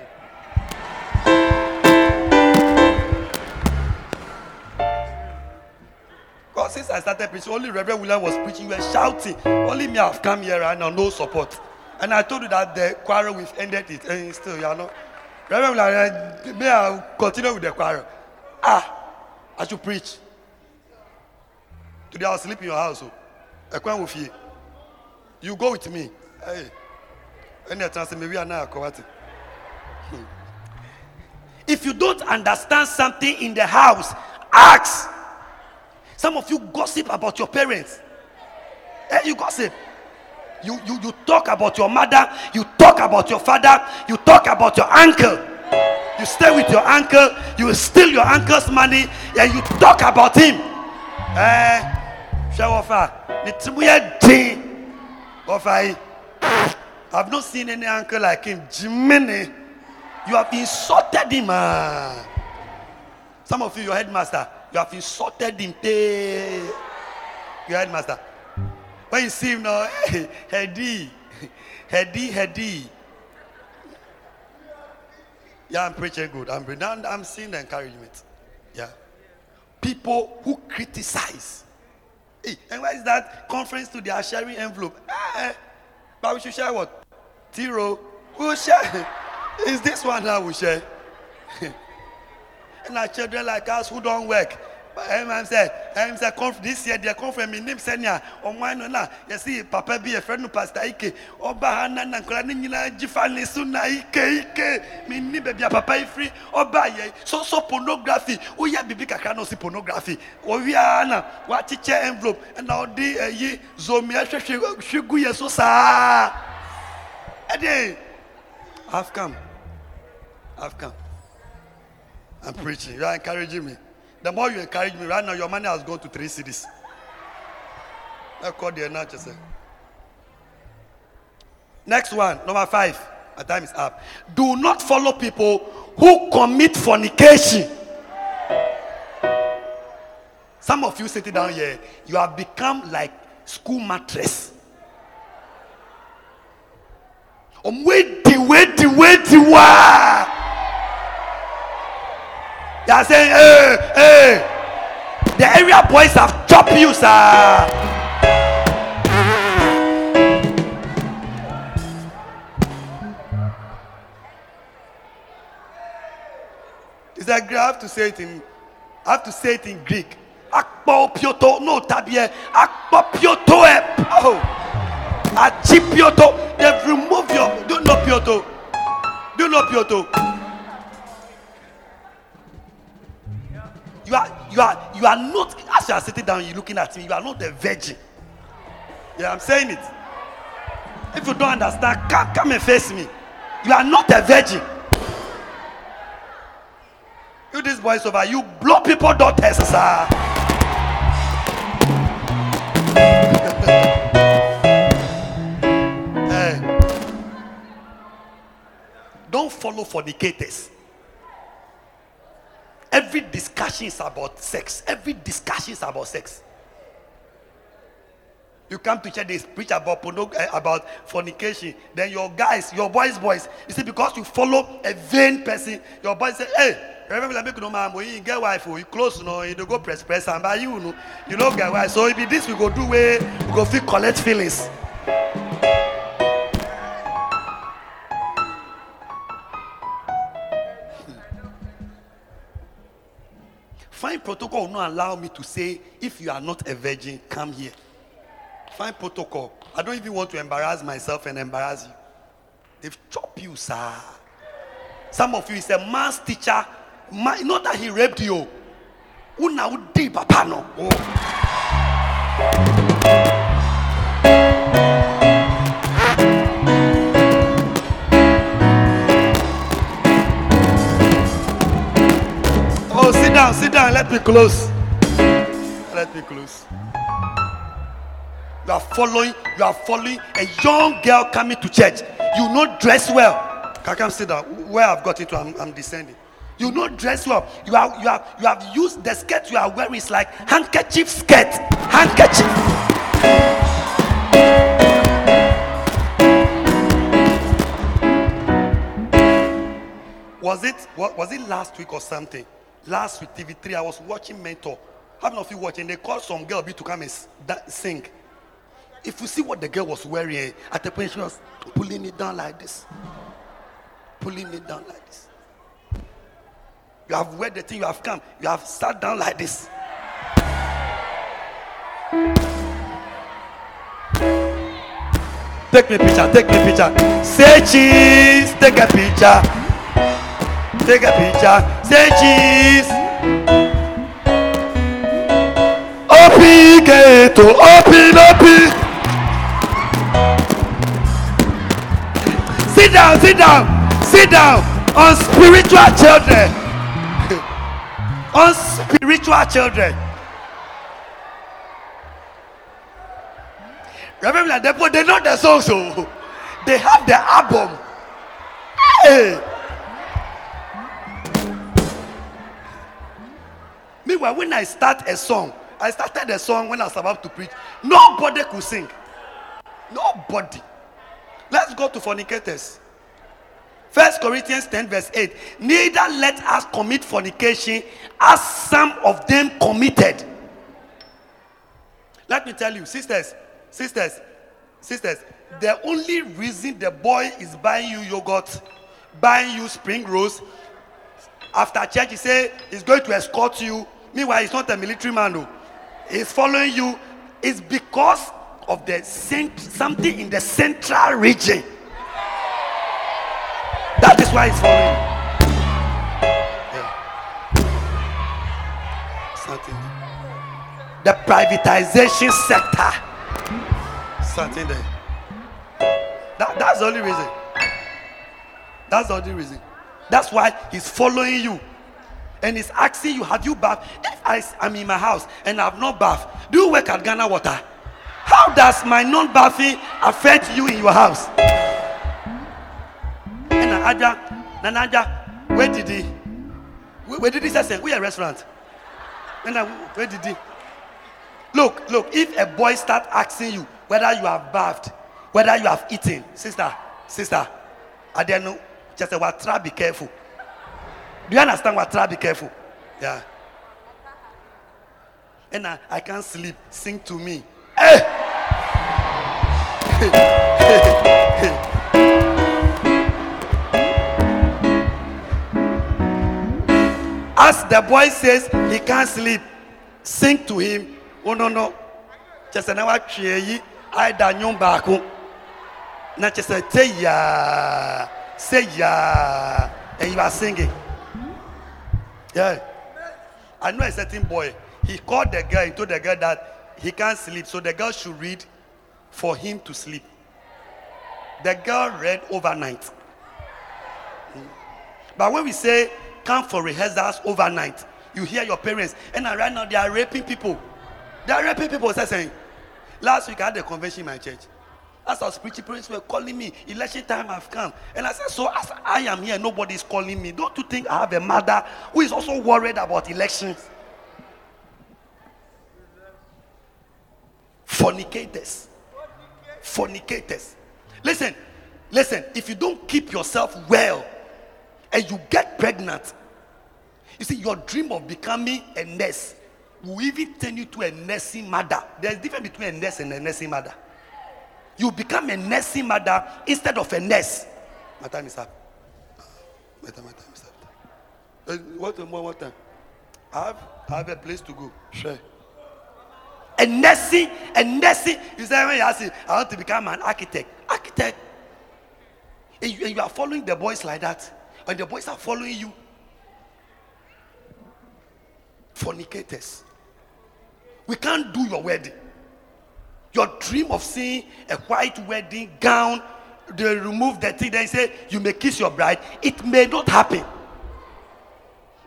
God, since I started preaching, only Reverend William was preaching. You were shouting. Only me, have come here right now, no support. And I told you that the quarrel, we've ended it. And eh, still, you are not. Reverend William, eh, may I continue with the quarrel? Ah, I should preach. Today I'll sleep in your house. with oh. You go with me. Hey. Any chance maybe I now If you don't understand something in the house, ask. Some of you gossip about your parents. Hey, eh, you gossip. You, you, you talk about your mother, you talk about your father, you talk about your uncle you stay with your uncle, you steal your uncle's money, and you talk about him. Eh, I've not seen any uncle like him. Jiminy, you have insulted him. Ah. Some of you, your headmaster, you have insulted him. Your headmaster. When you see him now, Hedi, Hedi, Hedi. Yeah, I'm preaching good. I'm now I'm seeing the encouragement. Yeah. People who criticize. Hey, and why is that conference to their sharing envelope? Eh, eh. but we should share what? Zero. Who share? Is this one that we share? and our children like us who don't work. But Imam eh, said, ɛm sɛ kɔnf this year deɛ kɔnf mi nim sɛnea ɔmo ano na yɛsi papa bi yɛfrɛ no pastor ike ɔba ha na na nkɔla ne nyinaa gyi ne so na ike ike mi ni baabi a papa yi e firi ɔba yɛ so so pornography woyɛ bibi kakra na ɔsi pornography ɔwia na wakyekyɛ envelope ɛna ɔde eh, ɛyi zomia hwehwɛ hwɛ gu yɛ so saa ɛde i have come i come i'm preaching you are encouraging me. The more you encourage me, right now your money has gone to three cities. I called the announcer. Next one, number five. My time is up. Do not follow people who commit fornication. Some of you sitting down here, you have become like school mattress. Um, wait, waiting waiting waiting they are saying, hey, hey. The area boys have chopped you, sir. Is that I have to say it in I have to say it in Greek. Akpo pioto no tabie akpo pioto e eh, oh achi pioto they've removed your do not pioto do not pioto You are, you are, you are not, as you are sitting down, you're looking at me, you are not the virgin. Yeah, I'm saying it. If you don't understand, come, come and face me. You are not a virgin. You this voiceover, you blow people daughters, sir. hey. Don't follow fornicators. Every discussion is about sex. Every discussion is about sex. You come to church, they preach about eh, about fornication. Then your guys, your boys, boys, you see, because you follow a vain person, your boys say, "Hey, remember make no man, oh, you get wife, oh, you close, you know, you go press press, and by you, you know, you know, get wife. So if this we go do way, we go feel collect feelings." protocol will not allow me to say, if you are not a virgin, come here. Fine protocol. I don't even want to embarrass myself and embarrass you. They've chopped you, sir. Some of you is a man's teacher. Man, not that he raped you. Una udi papa no. Oh. down. Let me close. Let me close. You are following, you are following a young girl coming to church. You not dress well. Can I come sit down? Where I've got into, I'm, I'm descending. You not dress well. You are you have you have used the skirt you are wearing is like handkerchief skirt. Handkerchief. was it was it last week or something last week, TV3, I was watching Mentor. How many of you watching? They called some girl B to come and sing. If you see what the girl was wearing, eh, at the point she was pulling it down like this, pulling it down like this. You have wear the thing, you have come, you have sat down like this. Take me picture, take me picture. Say cheese, take a picture. Take a picture. Say cheese. Open gate, open, open. Sit down, sit down, sit down on spiritual children. on spiritual children. Remember, they know the song, so oh. they have the album. Hey. Meanwhile, when I start a song, I started a song when I was about to preach. Nobody could sing. Nobody. Let's go to fornicators. First Corinthians 10, verse 8. Neither let us commit fornication as some of them committed. Let me tell you, sisters, sisters, sisters, the only reason the boy is buying you yogurt, buying you spring rolls, after church, he say he's going to escort you. Meanwhile, he's not a military man. No. Oh. He's following you. It's because of the cent- something in the central region. That is why he's following. Something. The privatization sector. Something there. That, that's the only reason. That's the only reason. That's why he's following you. And he's asking you, Have you bathed? If I am in my house and I've not bathed, do you work at Ghana Water? How does my non bathing affect you in your house? And Aja, Nanaja, where did he? Where, where did he say? We are restaurant. And where did he? Look, look, if a boy start asking you whether you have bathed, whether you have eaten, sister, sister, I don't know just say watra be careful do you understand watra be careful yeah and i, I can't sleep sing to me hey! As the boy says he can't sleep, sing to him, oh no no, kyesɛ na watwe ayi ayɛ da nwom baako na kyesɛ te yaa Say yeah. And you are singing. Yeah. I know a certain boy. He called the girl and told the girl that he can't sleep. So the girl should read for him to sleep. The girl read overnight. But when we say come for rehearsals overnight, you hear your parents, and right now they are raping people. They are raping people. Saying, last week I had a convention in my church. As I was preaching, parents were calling me. Election time have come. And I said, So as I am here, nobody is calling me. Don't you think I have a mother who is also worried about elections? Fornicators. Fornicators. Listen, listen, if you don't keep yourself well and you get pregnant, you see, your dream of becoming a nurse will even turn you to a nursing mother. There's a difference between a nurse and a nursing mother. You become a nursing mother instead of a nurse. My time is up. My time, my time is up. What time? What time? I have, I have a place to go. Sure. A nursing, a nursing. You say, when you ask, I want to become an architect. Architect. And you, and you are following the boys like that. And the boys are following you. Fornicators. We can't do your wedding. Your dream of seeing a white wedding gown, they remove the thing, they say you may kiss your bride. It may not happen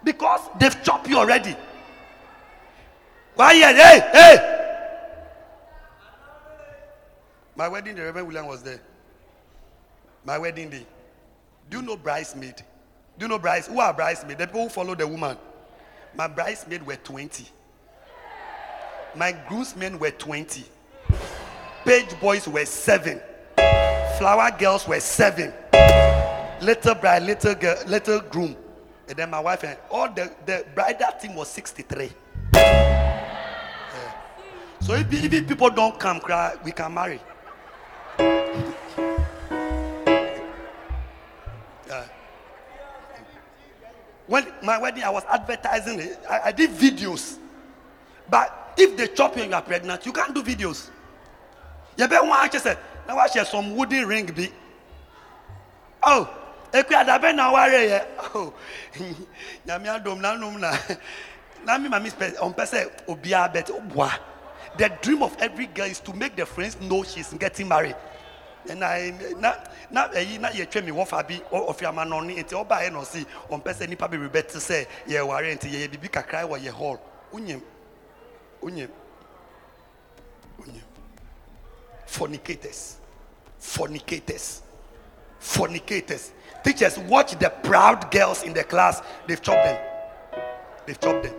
because they've chopped you already. Why, hey, hey! My wedding, the Reverend William was there. My wedding day. Do you know bridesmaid? Do you know brides? Who are bridesmaid? The people who follow the woman. My bridesmaid were 20. My groomsmen were 20 page boys were seven, flower girls were seven, little bride, little girl, little groom, and then my wife and all the, the bridal team was 63. Yeah. So if, if people don't come, cry, we can marry. Yeah. When my wedding, I was advertising it. I, I did videos. But if they chop you and you are pregnant, you can't do videos. yɛbɛho akyɛ sɛ na wahyɛ some wooden ring bi oh eku adabɛ na ware yɛ oh nyame adom na nom na na me maame spɛ ɔmpɛ sɛ obiara bɛt oboa the dream of every girl is to make the friends know is getting married ɛna na na ɛyi na yɛtwa mi wɔfa bi ɔfiama na ɔne nti ɔbaayɛ e na ɔsi ɔmpɛ sɛ nipa bebree bɛte sɛ yɛware nti yɛyɛ bibi kakra wɔ yɛ hall onyem onyem. fornicators, fornicators, fornicators. Teachers, watch the proud girls in the class. They've chopped them. They've chopped them.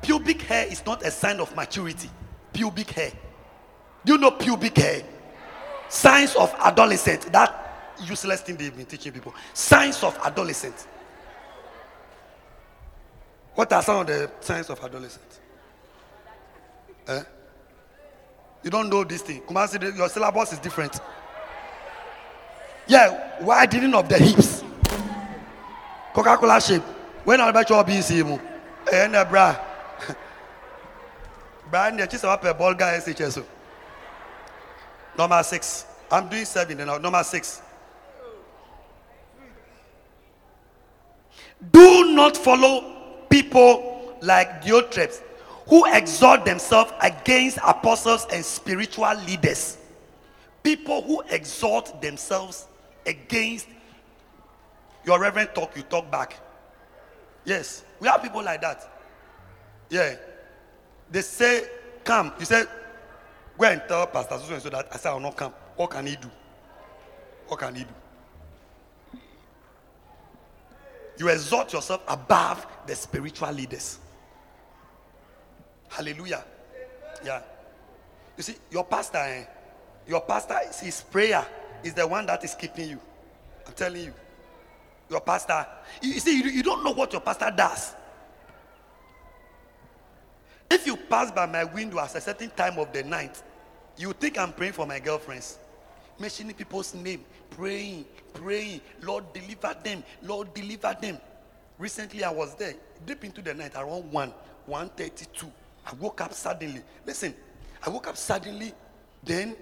Pubic hair is not a sign of maturity. Pubic hair. Do you know pubic hair? Signs of adolescent. That useless thing they've been teaching people. Signs of adolescent. What are some of the signs of adolescence? Eh? You don't know this thing. Kumasi, your syllabus is different. Yeah, why didn't of the hips? Coca Cola shape. When I bet you all being see eh, And bra. Brian, the chis up a ball guy SHS. Number six. I'm doing seven now. Number six. Do not follow people like Diotrephes who exalt themselves against apostles and spiritual leaders. People who exalt themselves against your reverend talk, you talk back. Yes, we have people like that. Yeah. They say, come. You say, go and tell Pastor Susan so that I say I will not come. What can he do? What can he do? You exalt yourself above the spiritual leaders. Hallelujah. Yeah. You see, your pastor, eh? your pastor is his prayer is the one that is keeping you. I'm telling you. Your pastor, you, see, you don't know what your pastor does. If you pass by my window at a certain time of the night, you think I'm praying for my girlfriends. Mentioning people's name, praying, praying. Lord, deliver them. Lord, deliver them. Recently, I was there, deep into the night, around 1, 132. I woke up suddenly. Listen, I woke up suddenly. Then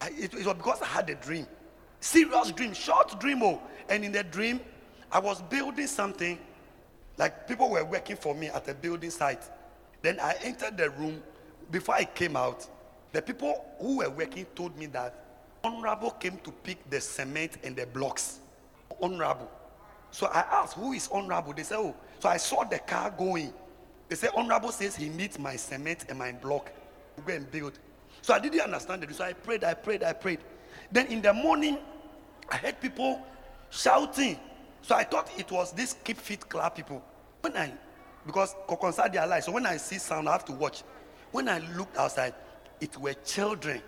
I, it, it was because I had a dream. Serious dream, short dream. Oh. And in the dream, I was building something. Like people were working for me at a building site. Then I entered the room. Before I came out, the people who were working told me that Honorable came to pick the cement and the blocks. Honorable. So I asked, Who is Honorable? They said, Oh. So I saw the car going. They say, Honorable says he needs my cement and my block to go and build. So I didn't understand it. So I prayed, I prayed, I prayed. Then in the morning, I heard people shouting. So I thought it was this keep fit club people. When I, because they their alive. so when I see sound, I have to watch. When I looked outside, it were children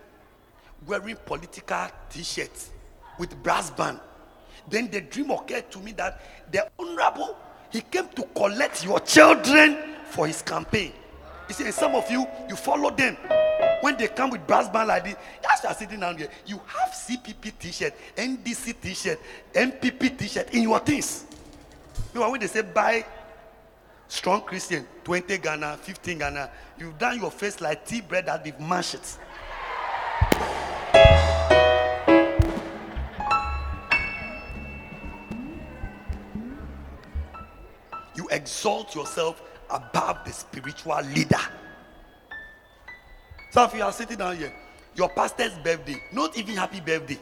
wearing political t-shirts with brass band. Then the dream occurred to me that the honorable, he came to collect your children for his campaign. You see, and some of you, you follow them. When they come with brass band like this, as you are sitting down here, you have CPP t-shirt, NDC t-shirt, MPP t-shirt in your things. You know, when they say buy strong Christian, 20 Ghana, 15 Ghana, you've done your face like tea bread that they've mashed it. You exalt yourself above the spiritual leader. Some of you are sitting down here. Your pastor's birthday, not even happy birthday.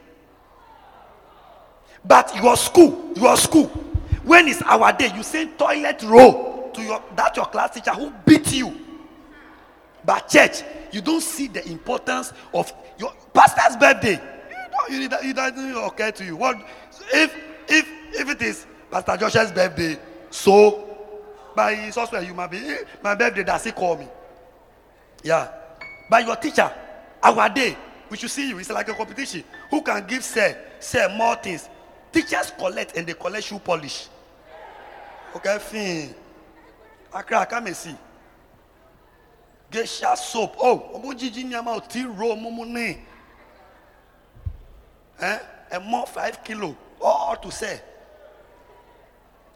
But your school, your school, when is our day? You send toilet roll to your that your class teacher who beat you. But church, you don't see the importance of your pastor's birthday. You know, it doesn't occur to you. What if if if it is Pastor Joshua's birthday? So by software you might be my birthday does he call me yeah by your teacher our day we should see you it's like a competition who can give sir sir more things teachers collect and they collect shoe polish okay fine akra akamesi Gesha soap oh ọmọ jiji ní a máa ti ro mumu ne? Eh? ẹ more five kilo all to sell.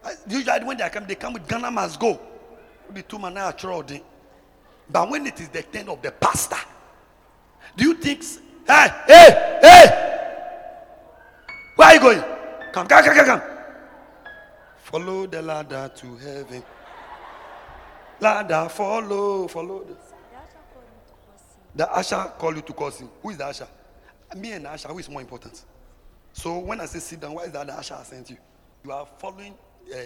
Uh, usually when they come, they come with Ghana must go. The two man But when it is the turn of the pastor, do you think, hey, hey, hey, where are you going? Come, come, come, come, come. Follow the ladder to heaven. Ladder, follow, follow. The, the usher called you to cause him. Who is the usher? Me and the usher, who is more important? So when I say sit down, why is that the usher I sent you? You are following uh,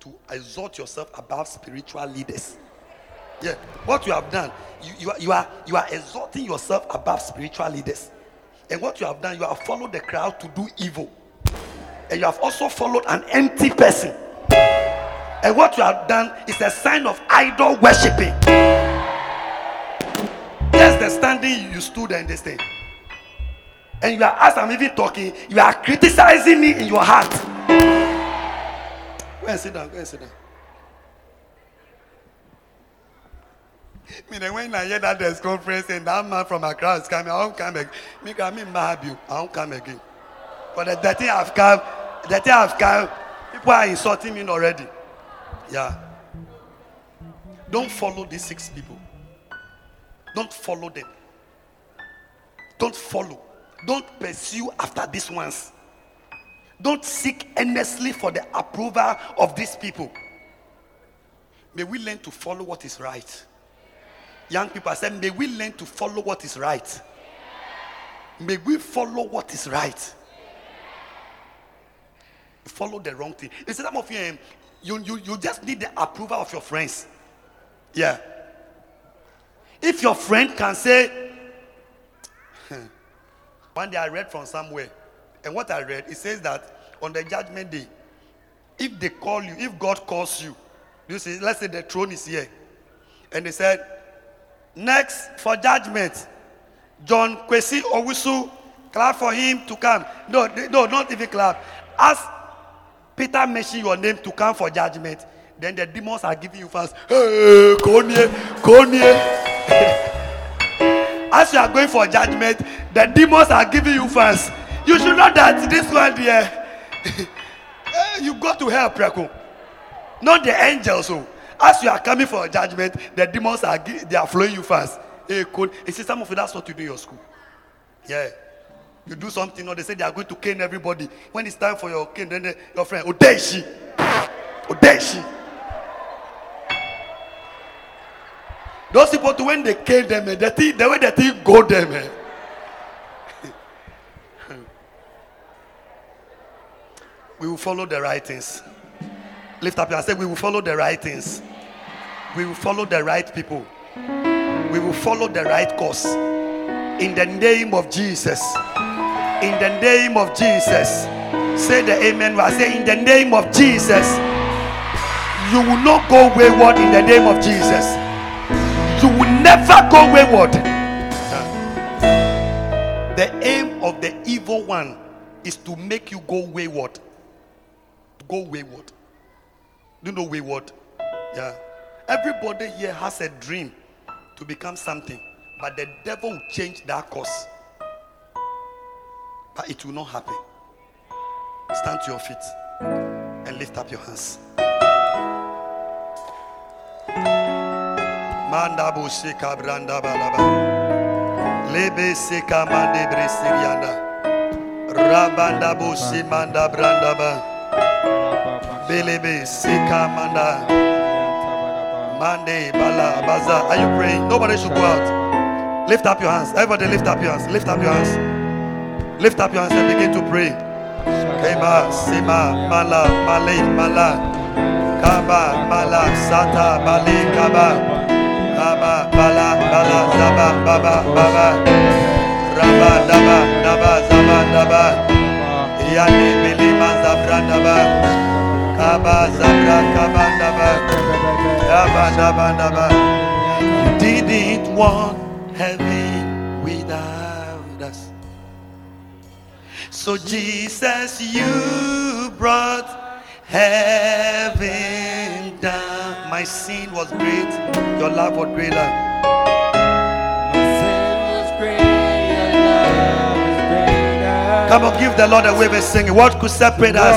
to exalt yourself above spiritual leaders. Yeah, what you have done, you, you, are, you, are, you are exalting yourself above spiritual leaders. And what you have done, you have followed the crowd to do evil. And you have also followed an empty person. And what you have done is a sign of idol worshiping. Yes, the standing you stood in this thing. And you are, as I'm even talking, you are criticizing me in your heart and sit down. Go and sit down. Me, when I hear that there's conference and that man from Accra is coming, I won't come again. Me, I mean, you. I won't come again. But the dirty I've come, the dirty I've come, people are insulting me already. Yeah. Don't follow these six people. Don't follow them. Don't follow. Don't pursue after these ones. Don't seek earnestly for the approval of these people. May we learn to follow what is right. Young people, I said, may we learn to follow what is right. May we follow what is right. Follow the wrong thing. They said, some of you, um, you, you, you just need the approval of your friends. Yeah. If your friend can say, one day I read from somewhere, and what I read, it says that on the judgment day, if they call you, if God calls you, you see, let's say the throne is here. And they said, next for judgment, John Kwesi Owusu, clap for him to come. No, they, no, not even clap. As Peter mentioned your name to come for judgment, then the demons are giving you fast. Hey, Konye, Konye. As you are going for judgment, the demons are giving you fast. You should know that this one there, eh, you go to hell, Preko. Not the angels. So, oh. as you are coming for judgment, the demons are they are flowing you fast. Hey, eh, cool. You see, some of you that's what you do in your school. Yeah. You do something, or they say they are going to cane everybody. When it's time for your cane, then they, your friend, Odeshi. Odeshi. Those people, when they cane them, eh, the, thing, the way the thing go them. Eh, We will follow the right things. Lift up your hand. Say, we will follow the right things. We will follow the right people. We will follow the right course. In the name of Jesus. In the name of Jesus. Say the amen. I say, in the name of Jesus. You will not go wayward in the name of Jesus. You will never go wayward. The aim of the evil one is to make you go wayward go wayward. Do you know wayward? Yeah. Everybody here has a dream to become something, but the devil will change that course. But it will not happen. Stand to your feet and lift up your hands. balaba. Lebe Rabanda manda brandaba. Bilibi, Sika, Manda. Mande, Bala, Baza. Are you praying? Nobody should go out. Lift up your hands. Everybody lift up your hands. Lift up your hands. Lift up your hands and begin to pray. Kema, Sima, Mala, Male, Mala. Kaba, Mala, Sata, Bali, Kaba. Kaba, Bala, Bala, Zaba, Baba, Baba. Raba, Daba, Daba, Zaba, Daba. Yani, Bilima, Zabra, Daba. Abba You didn't want heaven without us. So Jesus, you brought heaven down. My sin was great, your love was greater. Come on, give the Lord a wave and sing. What could separate us?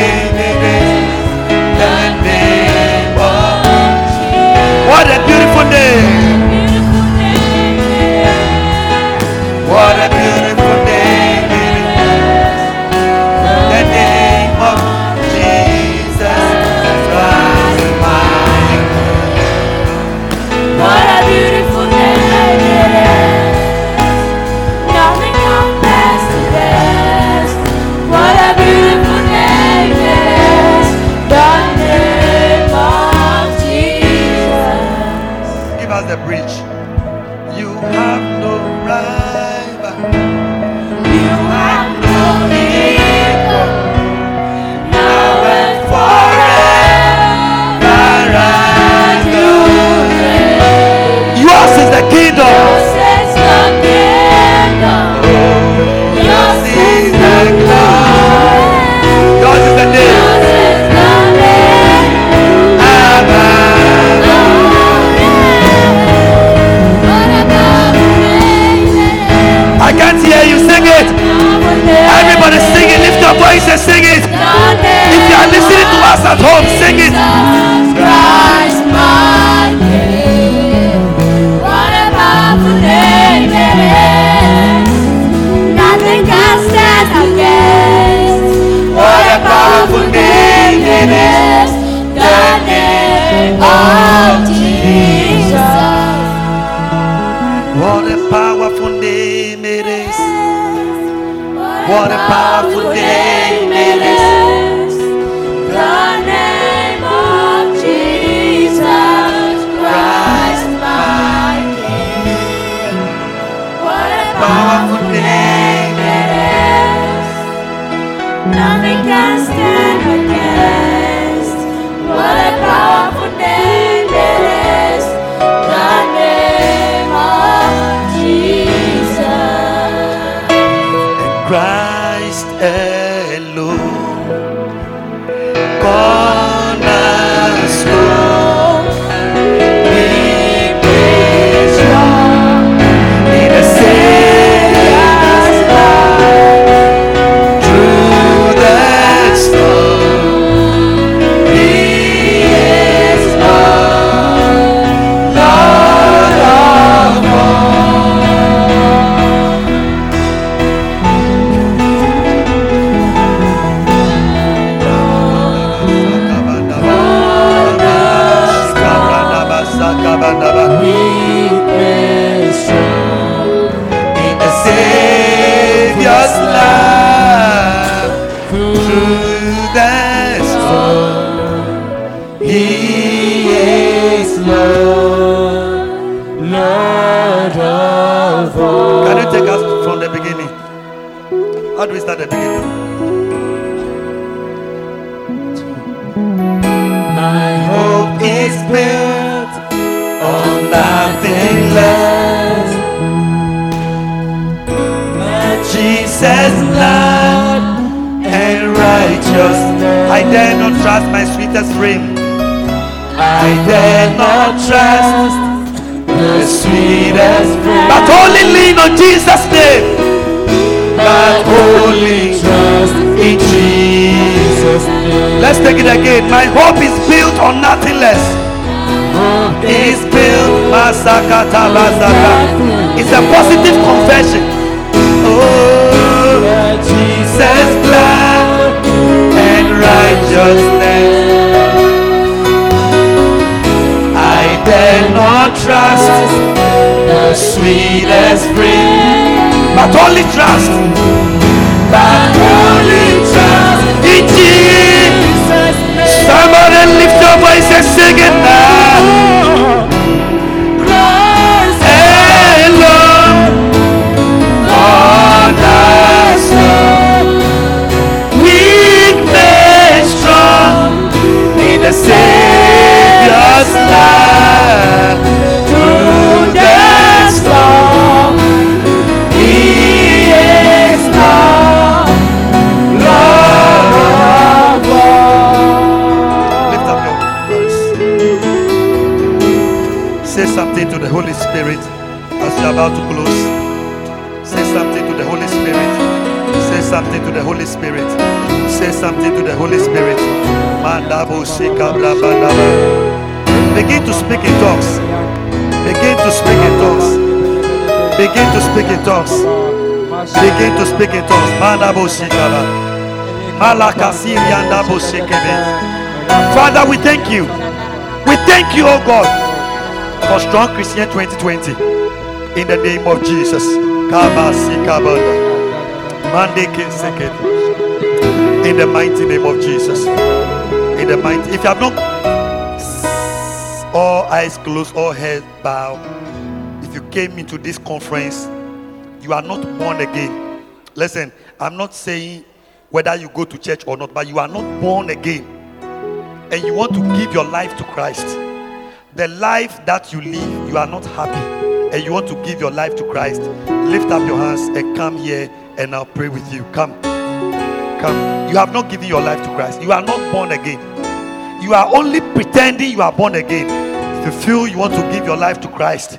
to speak in tongues. Begin to speak in tongues. Begin to speak in tongues. Begin to speak in tongues. Father, we thank you. We thank you, oh God, for strong Christian 2020. In the name of Jesus. In the mighty name of Jesus. In the mighty. If you have not all eyes closed, all heads bowed. If you came into this conference, you are not born again. Listen, I'm not saying whether you go to church or not, but you are not born again. And you want to give your life to Christ. The life that you live, you are not happy. And you want to give your life to Christ. Lift up your hands and come here and I'll pray with you. Come. Come. You have not given your life to Christ. You are not born again you are only pretending you are born again. If you feel you want to give your life to Christ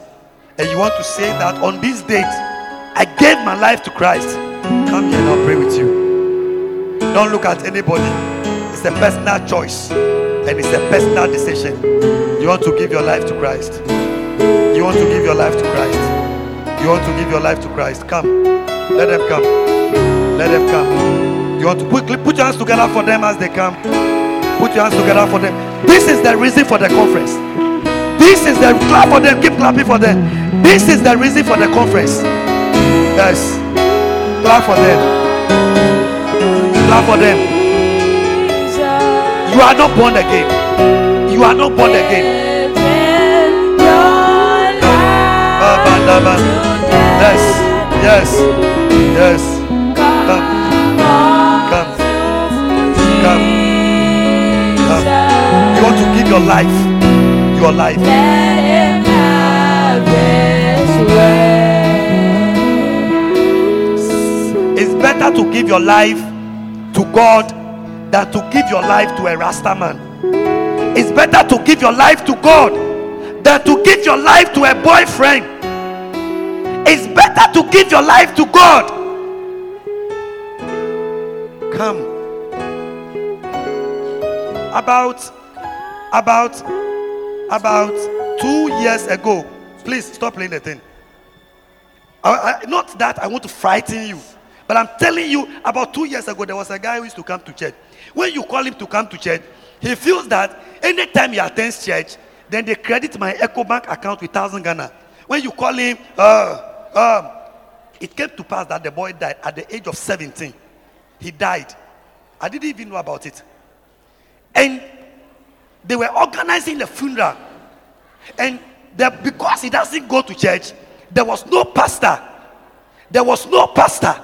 and you want to say that on this date, I gave my life to Christ, come here and I'll pray with you. Don't look at anybody. It's a personal choice and it's a personal decision. You want to give your life to Christ. You want to give your life to Christ. You want to give your life to Christ. Come. Let them come. Let them come. You want to quickly put your hands together for them as they come. Put your hands together for them. This is the reason for the conference. This is the clap for them. Keep clapping for them. This is the reason for the conference. Yes. Clap for them. Clap for them. You are not born again. You are not born again. Yes. Yes. Yes. yes. live your life. Your life. It's better to give your life to God than to give your life to a Rasta man. It's better to give your life to God than to give your life to a boyfriend. It's better to give your life to God. Come. About about about two years ago, please stop playing the thing. I, I, not that I want to frighten you, but I'm telling you, about two years ago, there was a guy who used to come to church. When you call him to come to church, he feels that anytime he attends church, then they credit my EcoBank account with thousand Ghana. When you call him, uh, um, it came to pass that the boy died at the age of 17. He died. I didn't even know about it. And they were organizing the funeral. And because he doesn't go to church, there was no pastor. There was no pastor.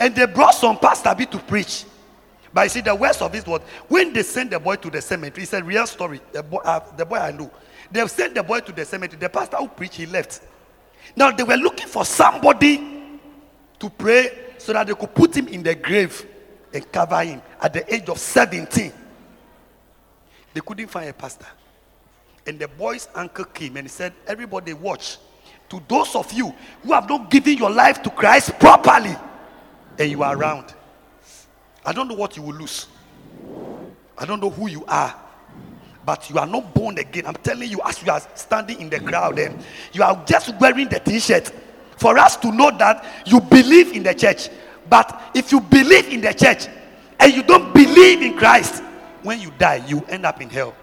And they brought some pastor B to preach. But you see, the worst of it was when they sent the boy to the cemetery, it's a real story. The boy, uh, the boy I know. They sent the boy to the cemetery. The pastor who preached, he left. Now they were looking for somebody to pray so that they could put him in the grave and cover him at the age of 17. They couldn't find a pastor. And the boy's uncle came and he said, Everybody, watch. To those of you who have not given your life to Christ properly and you are around, I don't know what you will lose. I don't know who you are, but you are not born again. I'm telling you, as you are standing in the crowd, and you are just wearing the t shirt for us to know that you believe in the church. But if you believe in the church and you don't believe in Christ, when you die, you end up in hell.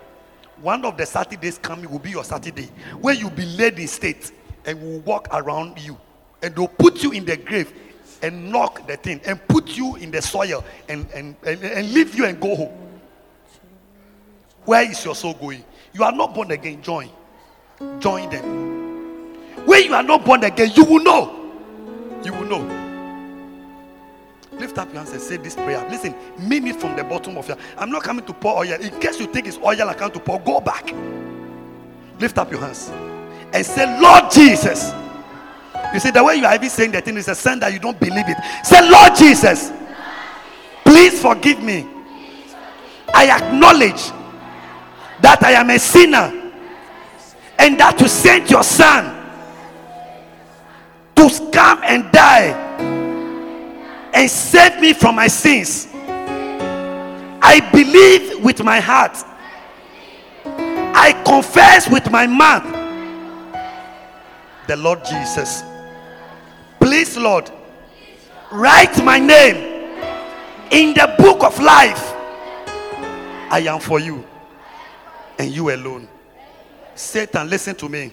One of the Saturdays coming will be your Saturday, where you'll be laid in state and will walk around you. And they'll put you in the grave and knock the thing and put you in the soil and, and, and, and leave you and go home. Where is your soul going? You are not born again. Join. Join them. When you are not born again, you will know. You will know. Lift up your hands and say this prayer. Listen, mean it from the bottom of your. I'm not coming to pour oil. In case you think it's oil I come to pour, go back. Lift up your hands and say, Lord Jesus. You see, the way you are even saying the thing is a sign that you don't believe it. Say, Lord Jesus, please forgive me. I acknowledge that I am a sinner and that you sent your son to come and die and save me from my sins. I believe with my heart. I confess with my mouth. The Lord Jesus. Please, Lord, write my name in the book of life. I am for you and you alone. Satan, listen to me.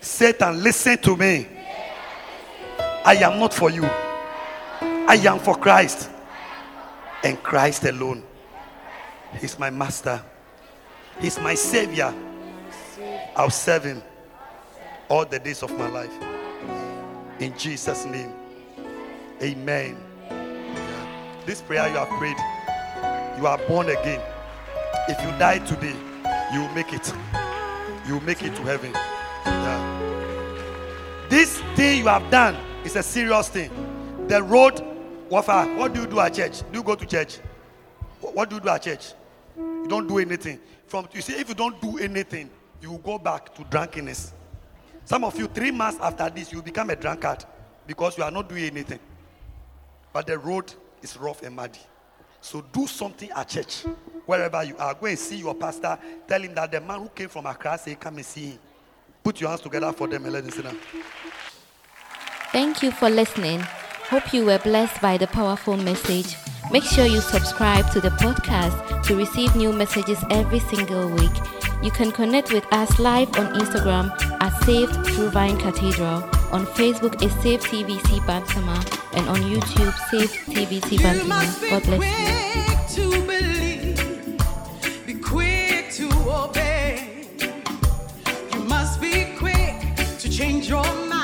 Satan, listen to me. I am not for you. I am for Christ and Christ alone. He's my master, He's my savior. I'll serve Him all the days of my life. In Jesus' name, amen. This prayer you have prayed, you are born again. If you die today, you will make it. You will make it to heaven. Yeah. This thing you have done is a serious thing. The road Wafa, what do you do at church? Do you go to church? What do you do at church? You don't do anything. From you see, if you don't do anything, you will go back to drunkenness. Some of you, three months after this, you become a drunkard because you are not doing anything. But the road is rough and muddy. So do something at church, wherever you are. Go and see your pastor. Tell him that the man who came from Accra say, "Come and see him." Put your hands together for them and let them sit down. Thank you for listening. Hope you were blessed by the powerful message. Make sure you subscribe to the podcast to receive new messages every single week. You can connect with us live on Instagram at Saved Through Vine Cathedral. On Facebook is Saved TVC Bantama and on YouTube Saved TVC Bantama. God bless you. change your mind.